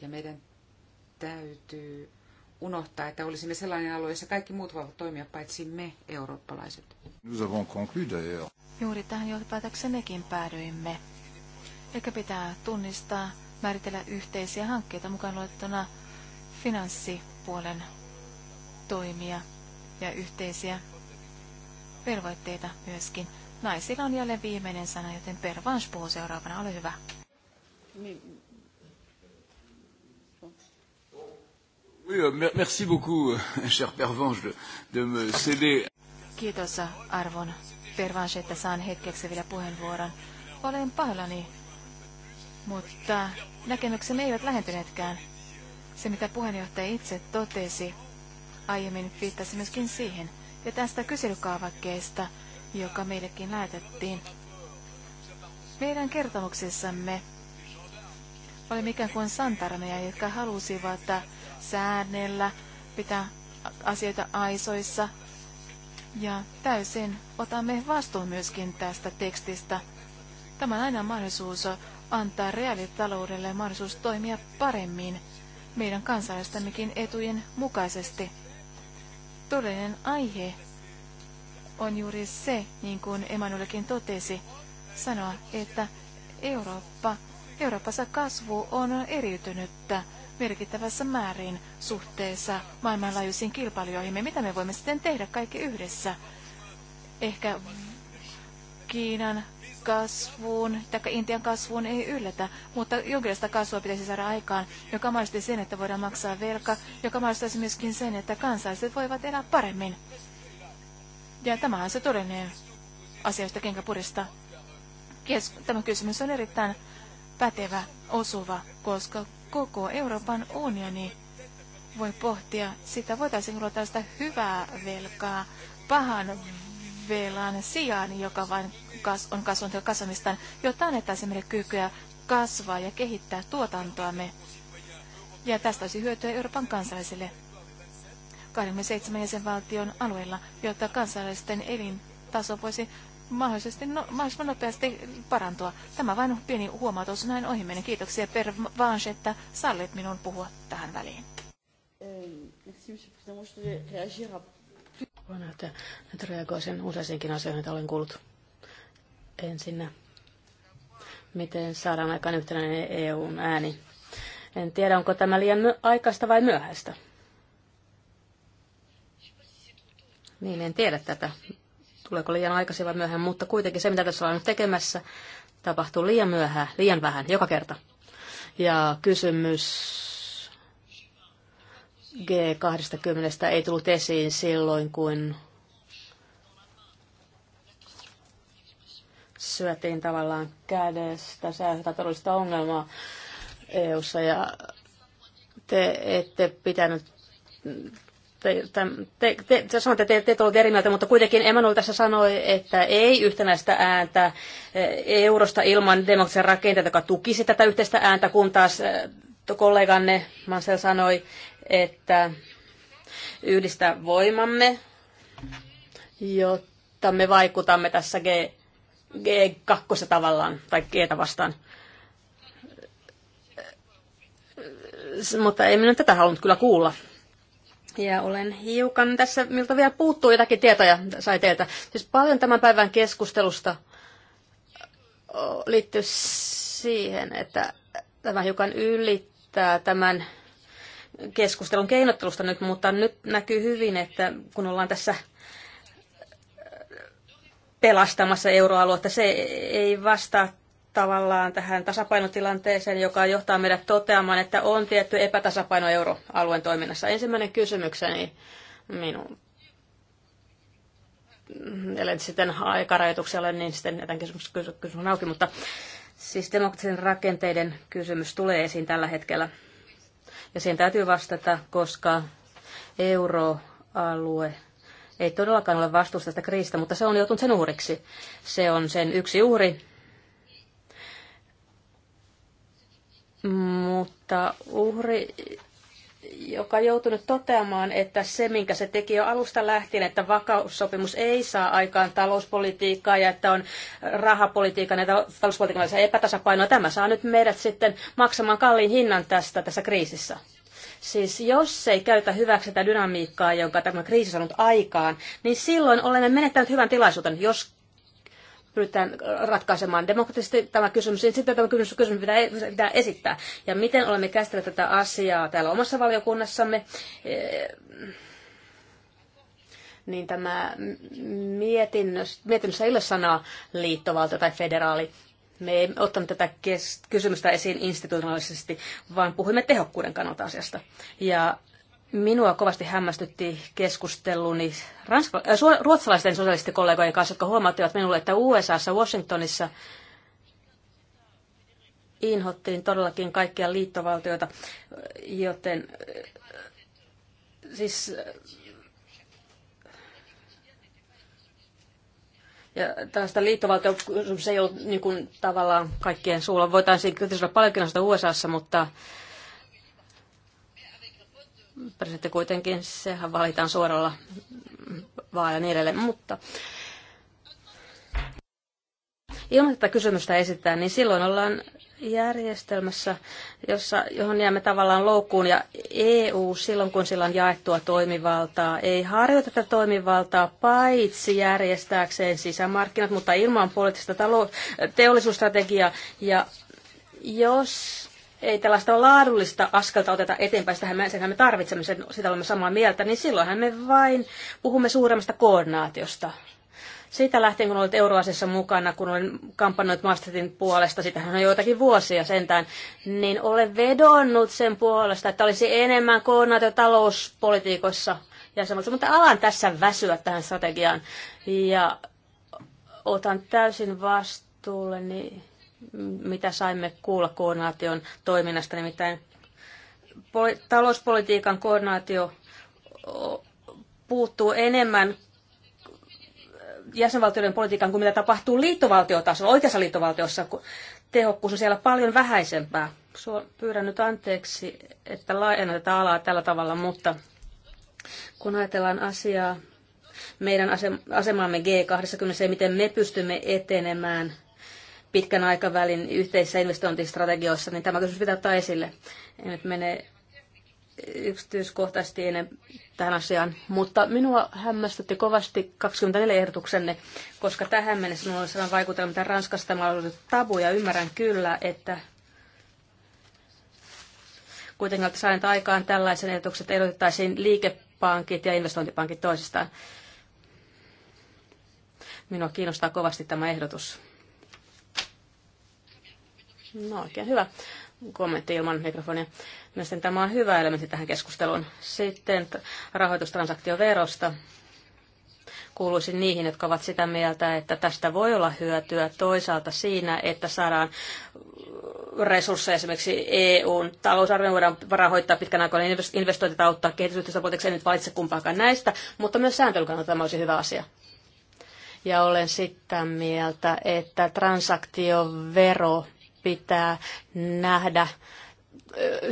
Ja meidän täytyy unohtaa, että olisimme sellainen alue, jossa kaikki muut voivat toimia paitsi me eurooppalaiset. Nous avons conclu Juuri tähän johtopäätöksen mekin päädyimme. Eikä pitää tunnistaa, määritellä yhteisiä hankkeita mukaan luettuna finanssipuolen toimia ja yhteisiä velvoitteita myöskin. Naisilla on jälleen viimeinen sana, joten Pervans puhuu seuraavana. Ole hyvä. Euh, merci beaucoup, cher de me céder. Kiitos arvon Pervanche, että saan hetkeksi vielä puheenvuoron. Olen pahoillani, mutta näkemyksemme eivät lähentyneetkään. Se, mitä puheenjohtaja itse totesi, aiemmin viittasi myöskin siihen. Ja tästä kyselykaavakkeesta, joka meillekin lähetettiin. Meidän kertomuksessamme oli ikään kuin santarmeja, jotka halusivat säännellä, pitää asioita aisoissa. Ja täysin otamme vastuun myöskin tästä tekstistä. Tämä on aina mahdollisuus antaa reaalitaloudelle mahdollisuus toimia paremmin meidän kansalaistammekin etujen mukaisesti todellinen aihe on juuri se, niin kuin Emanuelkin totesi, sanoa, että Eurooppa, Euroopassa kasvu on eriytynyttä merkittävässä määrin suhteessa maailmanlaajuisiin kilpailijoihin. Mitä me voimme sitten tehdä kaikki yhdessä? Ehkä Kiinan kasvuun, tai Intian kasvuun ei yllätä, mutta jonkinlaista kasvua pitäisi saada aikaan, joka mahdollistaisi sen, että voidaan maksaa velka, joka mahdollistaisi myöskin sen, että kansalaiset voivat elää paremmin. Ja tämä on se todellinen asia, josta kenkä puristaa. Tämä kysymys on erittäin pätevä, osuva, koska koko Euroopan unioni voi pohtia sitä, voitaisiinko olla tällaista hyvää velkaa, pahan velan sijaan, joka vain kas, on kasvanut ja kasvamistaan, jotta annettaisiin meille kykyä kasvaa ja kehittää tuotantoamme. Ja tästä olisi hyötyä Euroopan kansalaisille 27 jäsenvaltion alueella, jotta kansalaisten elintaso voisi mahdollisesti no, mahdollisimman nopeasti parantua. Tämä vain pieni huomautus näin ohi menen. Kiitoksia per Vange, että sallit minun puhua tähän väliin. Euh, merci, puheenjohtaja. Nyt sen useisiinkin asioihin, joita olen kuullut ensinnä. Miten saadaan aikaan yhtenäinen EUn ääni? En tiedä, onko tämä liian aikaista vai myöhäistä. Niin, en tiedä tätä. Tuleeko liian aikaisin vai myöhään, mutta kuitenkin se, mitä tässä ollaan nyt tekemässä, tapahtuu liian myöhään, liian vähän, joka kerta. Ja kysymys G20 ei tullut esiin silloin, kun syötiin tavallaan kädestä aiheuttaa todellista ongelmaa EU-ssa ja te ette pitänyt te, te, te, te sanoitte, että te, te olette eri mieltä, mutta kuitenkin Emmanuel tässä sanoi, että ei yhtenäistä ääntä e, eurosta ilman demokratian rakenteita, joka tukisi tätä yhteistä ääntä, kun taas e, kolleganne Mansell sanoi, että yhdistää voimamme, jotta me vaikutamme tässä G, G2 tavallaan, tai G vastaan. Mutta ei minä tätä halunnut kyllä kuulla. Ja olen hiukan tässä, miltä vielä puuttuu jotakin tietoja, sai teiltä. Siis paljon tämän päivän keskustelusta liittyy siihen, että tämä hiukan ylittää tämän keskustelun keinottelusta nyt, mutta nyt näkyy hyvin, että kun ollaan tässä pelastamassa euroaluetta, se ei vastaa tavallaan tähän tasapainotilanteeseen, joka johtaa meidät toteamaan, että on tietty epätasapaino euroalueen toiminnassa. Ensimmäinen kysymykseni minun Eli sitten aikarajoituksella, niin sitten jätän kysymyksen auki, mutta siis demokraattisen rakenteiden kysymys tulee esiin tällä hetkellä. Ja siihen täytyy vastata, koska euroalue ei todellakaan ole vastuussa tästä kriisistä, mutta se on joutunut sen uhriksi. Se on sen yksi uhri. Mutta uhri joka on joutunut toteamaan, että se, minkä se teki jo alusta lähtien, että vakaussopimus ei saa aikaan talouspolitiikkaa ja että on rahapolitiikan ja talouspolitiikan epätasapainoa, tämä saa nyt meidät sitten maksamaan kalliin hinnan tästä tässä kriisissä. Siis jos ei käytä hyväksi tätä dynamiikkaa, jonka tämä kriisi on saanut aikaan, niin silloin olemme menettäneet hyvän tilaisuuden. Jos pyritään ratkaisemaan demokraattisesti tämä kysymys, niin sitten tämä kysymys, kysymys pitää, e- pitää esittää. Ja miten olemme käsitelleet tätä asiaa täällä omassa valiokunnassamme, e- niin tämä mietinnössä, mietinnössä ei ole sanaa liittovaltio tai federaali. Me ei ottanut tätä kysymystä esiin institutionaalisesti, vaan puhuimme tehokkuuden kannalta asiasta. Ja Minua kovasti hämmästytti keskusteluni ranska- äh, ruotsalaisten sosialistikollegojen kanssa, jotka huomauttivat minulle, että USAssa Washingtonissa inhottiin todellakin kaikkia liittovaltioita, joten äh, siis äh, ja tästä liittovaltio se ei ollut niin kuin, tavallaan kaikkien suulla. Voitaisiin kritisoida paljonkin sitä USAssa, mutta presidentti kuitenkin, sehän valitaan suoralla vaan ja niin edelleen, mutta ilman tätä kysymystä esittää, niin silloin ollaan järjestelmässä, jossa, johon jäämme tavallaan loukkuun, ja EU silloin, kun sillä on jaettua toimivaltaa, ei harjoita tätä toimivaltaa paitsi järjestääkseen sisämarkkinat, mutta ilman poliittista talou- teollisuusstrategiaa, ja jos ei tällaista laadullista askelta oteta eteenpäin, sitä me, sitä me tarvitsemme, sen, sitä olemme samaa mieltä, niin silloinhan me vain puhumme suuremmasta koordinaatiosta. Siitä lähtien, kun olet euroasiassa mukana, kun olen kampanjoinut Maastrichtin puolesta, sitähän on joitakin vuosia sentään, niin olen vedonnut sen puolesta, että olisi enemmän koordinaatio talouspolitiikossa semmoista, mutta alan tässä väsyä tähän strategiaan ja otan täysin niin mitä saimme kuulla koordinaation toiminnasta. Nimittäin talouspolitiikan koordinaatio puuttuu enemmän jäsenvaltioiden politiikan kuin mitä tapahtuu liittovaltiotasolla, oikeassa liittovaltiossa, kun tehokkuus on siellä paljon vähäisempää. Pyydän nyt anteeksi, että tätä alaa tällä tavalla, mutta kun ajatellaan asiaa, meidän asemamme G20, miten me pystymme etenemään – pitkän aikavälin yhteisissä investointistrategioissa, niin tämä kysymys pitää ottaa esille. En nyt mene yksityiskohtaisesti ennen tähän asiaan, mutta minua hämmästytti kovasti 24 ehdotuksenne, koska tähän mennessä minulla oli sellainen vaikutelma, että Ranskassa tämä on ollut tabu, ja ymmärrän kyllä, että kuitenkin saaneet aikaan tällaisen ehdotuksen, että erotettaisiin liikepankit ja investointipankit toisistaan. Minua kiinnostaa kovasti tämä ehdotus. No oikein hyvä kommentti ilman mikrofonia. Mielestäni tämä on hyvä elementti tähän keskusteluun. Sitten rahoitustransaktioverosta kuuluisin niihin, jotka ovat sitä mieltä, että tästä voi olla hyötyä toisaalta siinä, että saadaan resursseja esimerkiksi EUn talousarvion voidaan rahoittaa pitkän aikoina investointit tai auttaa kehitysyhteistyöpolitiikassa, en nyt valitse kumpaakaan näistä, mutta myös sääntelyn kannalta tämä olisi hyvä asia. Ja olen sitä mieltä, että transaktiovero pitää nähdä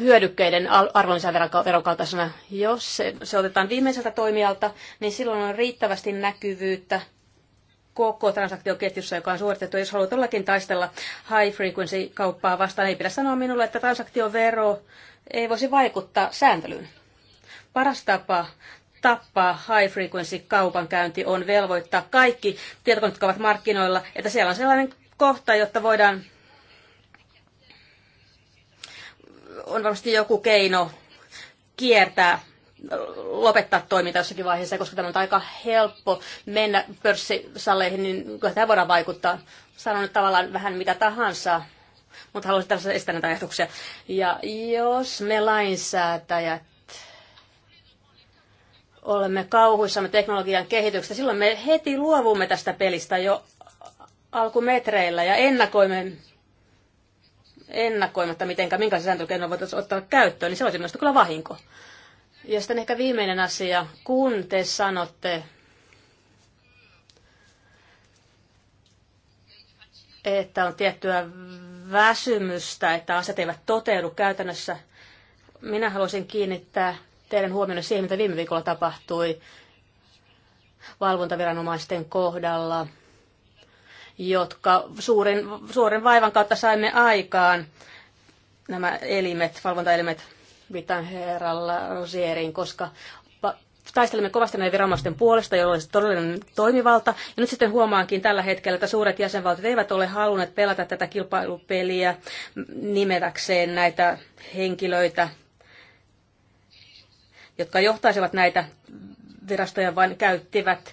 hyödykkeiden arvonlisäveron kaltaisena. Jos se, se otetaan viimeiseltä toimijalta, niin silloin on riittävästi näkyvyyttä koko transaktioketjussa, joka on suoritettu. Jos haluat jollakin taistella high frequency kauppaa vastaan, niin ei pidä sanoa minulle, että transaktiovero ei voisi vaikuttaa sääntelyyn. Paras tapa tappaa high frequency kaupankäynti on velvoittaa kaikki tietokoneet, jotka ovat markkinoilla, että siellä on sellainen kohta, jotta voidaan on varmasti joku keino kiertää lopettaa toiminta jossakin vaiheessa, koska tämä on aika helppo mennä pörssisaleihin, niin kyllä tämä voidaan vaikuttaa. Sanon nyt tavallaan vähän mitä tahansa, mutta haluaisin tällaista estää näitä ajatuksia. Ja jos me lainsäätäjät olemme kauhuissamme teknologian kehityksestä, silloin me heti luovumme tästä pelistä jo alkumetreillä ja ennakoimme ennakoimatta, mitenkä, minkälaisia sääntökeinoja voitaisiin ottaa käyttöön, niin se olisi myös kyllä vahinko. Ja sitten ehkä viimeinen asia, kun te sanotte, että on tiettyä väsymystä, että asiat eivät toteudu käytännössä, minä haluaisin kiinnittää teidän huomioon siihen, mitä viime viikolla tapahtui valvontaviranomaisten kohdalla – jotka suuren, suuren vaivan kautta saimme aikaan. Nämä elimet, valvontaelimet, Vitan herralla Rosierin, koska taistelemme kovasti näiden viranomaisten puolesta, jolla olisi todellinen toimivalta. Ja nyt sitten huomaankin tällä hetkellä, että suuret jäsenvaltiot eivät ole halunneet pelata tätä kilpailupeliä nimetäkseen näitä henkilöitä, jotka johtaisivat näitä virastoja, vaan käyttivät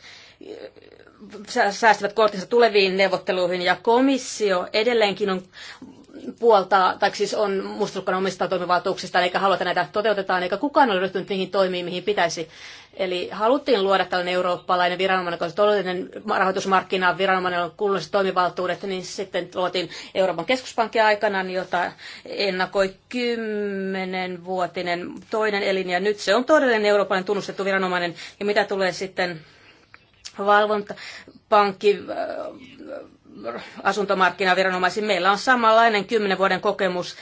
säästävät kortinsa tuleviin neuvotteluihin ja komissio edelleenkin on puoltaa, tai siis on mustukkana omista toimivaltuuksista, eikä haluta näitä toteutetaan, eikä kukaan ole ryhtynyt niihin toimiin, mihin pitäisi. Eli haluttiin luoda tällainen eurooppalainen viranomainen, koska todellinen rahoitusmarkkina viranomainen on kunnolliset toimivaltuudet, niin sitten luotiin Euroopan keskuspankki aikana, jota ennakoi kymmenenvuotinen toinen elin, ja nyt se on todellinen eurooppalainen tunnustettu viranomainen, ja mitä tulee sitten valvonta, pankki, asuntomarkkinaviranomaisiin. Meillä on samanlainen kymmenen vuoden kokemus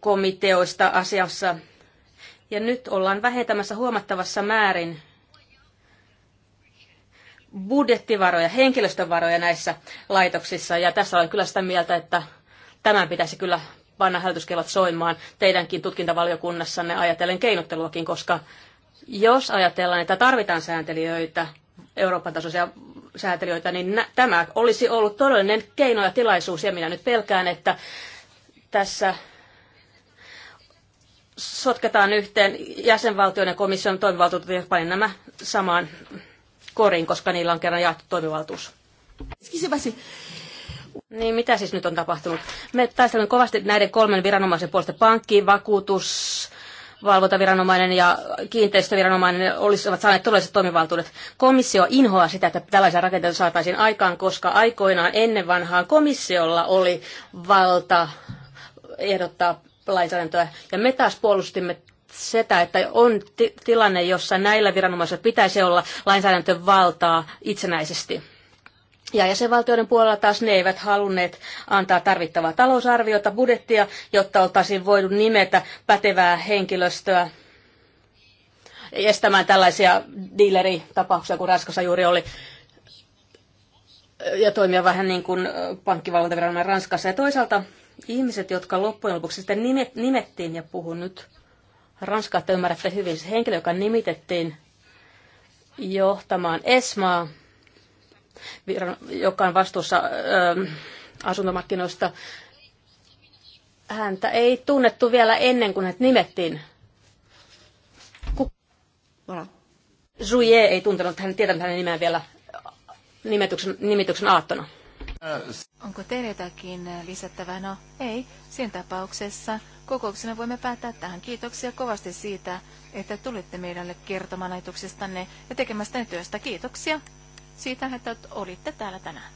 komiteoista asiassa. Ja nyt ollaan vähentämässä huomattavassa määrin budjettivaroja, henkilöstövaroja näissä laitoksissa. Ja tässä olen kyllä sitä mieltä, että tämän pitäisi kyllä panna hälytyskellot soimaan teidänkin tutkintavaliokunnassanne ajatellen keinotteluakin, koska jos ajatellaan, että tarvitaan sääntelijöitä – Euroopan tasoisia säätelijöitä, niin tämä olisi ollut todellinen keino ja tilaisuus, ja minä nyt pelkään, että tässä sotketaan yhteen jäsenvaltion ja komission toimivaltuudet ja panin nämä samaan koriin, koska niillä on kerran jaettu toimivaltuus. Niin mitä siis nyt on tapahtunut? Me taistelemme kovasti näiden kolmen viranomaisen puolesta pankkiin, vakuutus, valvontaviranomainen ja kiinteistöviranomainen olisivat saaneet todelliset toimivaltuudet. Komissio inhoaa sitä, että tällaisia rakenteita saataisiin aikaan, koska aikoinaan ennen vanhaa komissiolla oli valta ehdottaa lainsäädäntöä. Ja me taas puolustimme sitä, että on tilanne, jossa näillä viranomaisilla pitäisi olla lainsäädäntövaltaa itsenäisesti. Ja jäsenvaltioiden puolella taas ne eivät halunneet antaa tarvittavaa talousarviota, budjettia, jotta oltaisiin voitu nimetä pätevää henkilöstöä estämään tällaisia dealeritapauksia kuin Ranskassa juuri oli ja toimia vähän niin kuin pankkivalvontaviranomainen Ranskassa. Ja toisaalta ihmiset, jotka loppujen lopuksi sitten nimettiin, ja puhun nyt Ranskaa, että ymmärrätte hyvin, se henkilö, joka nimitettiin johtamaan ESMAa, joka on vastuussa ähm, asuntomarkkinoista, häntä ei tunnettu vielä ennen kuin hänet nimettiin. Voilà. Jouye ei tuntenut, hän tietänyt hänen nimeään vielä nimityksen, nimityksen aattona. Onko teillä jotakin lisättävää? No ei. Siinä tapauksessa kokouksena voimme päättää tähän. Kiitoksia kovasti siitä, että tulitte meidälle kertomaan ajatuksestanne ja tekemästäni työstä. Kiitoksia siitä, että olitte täällä tänään.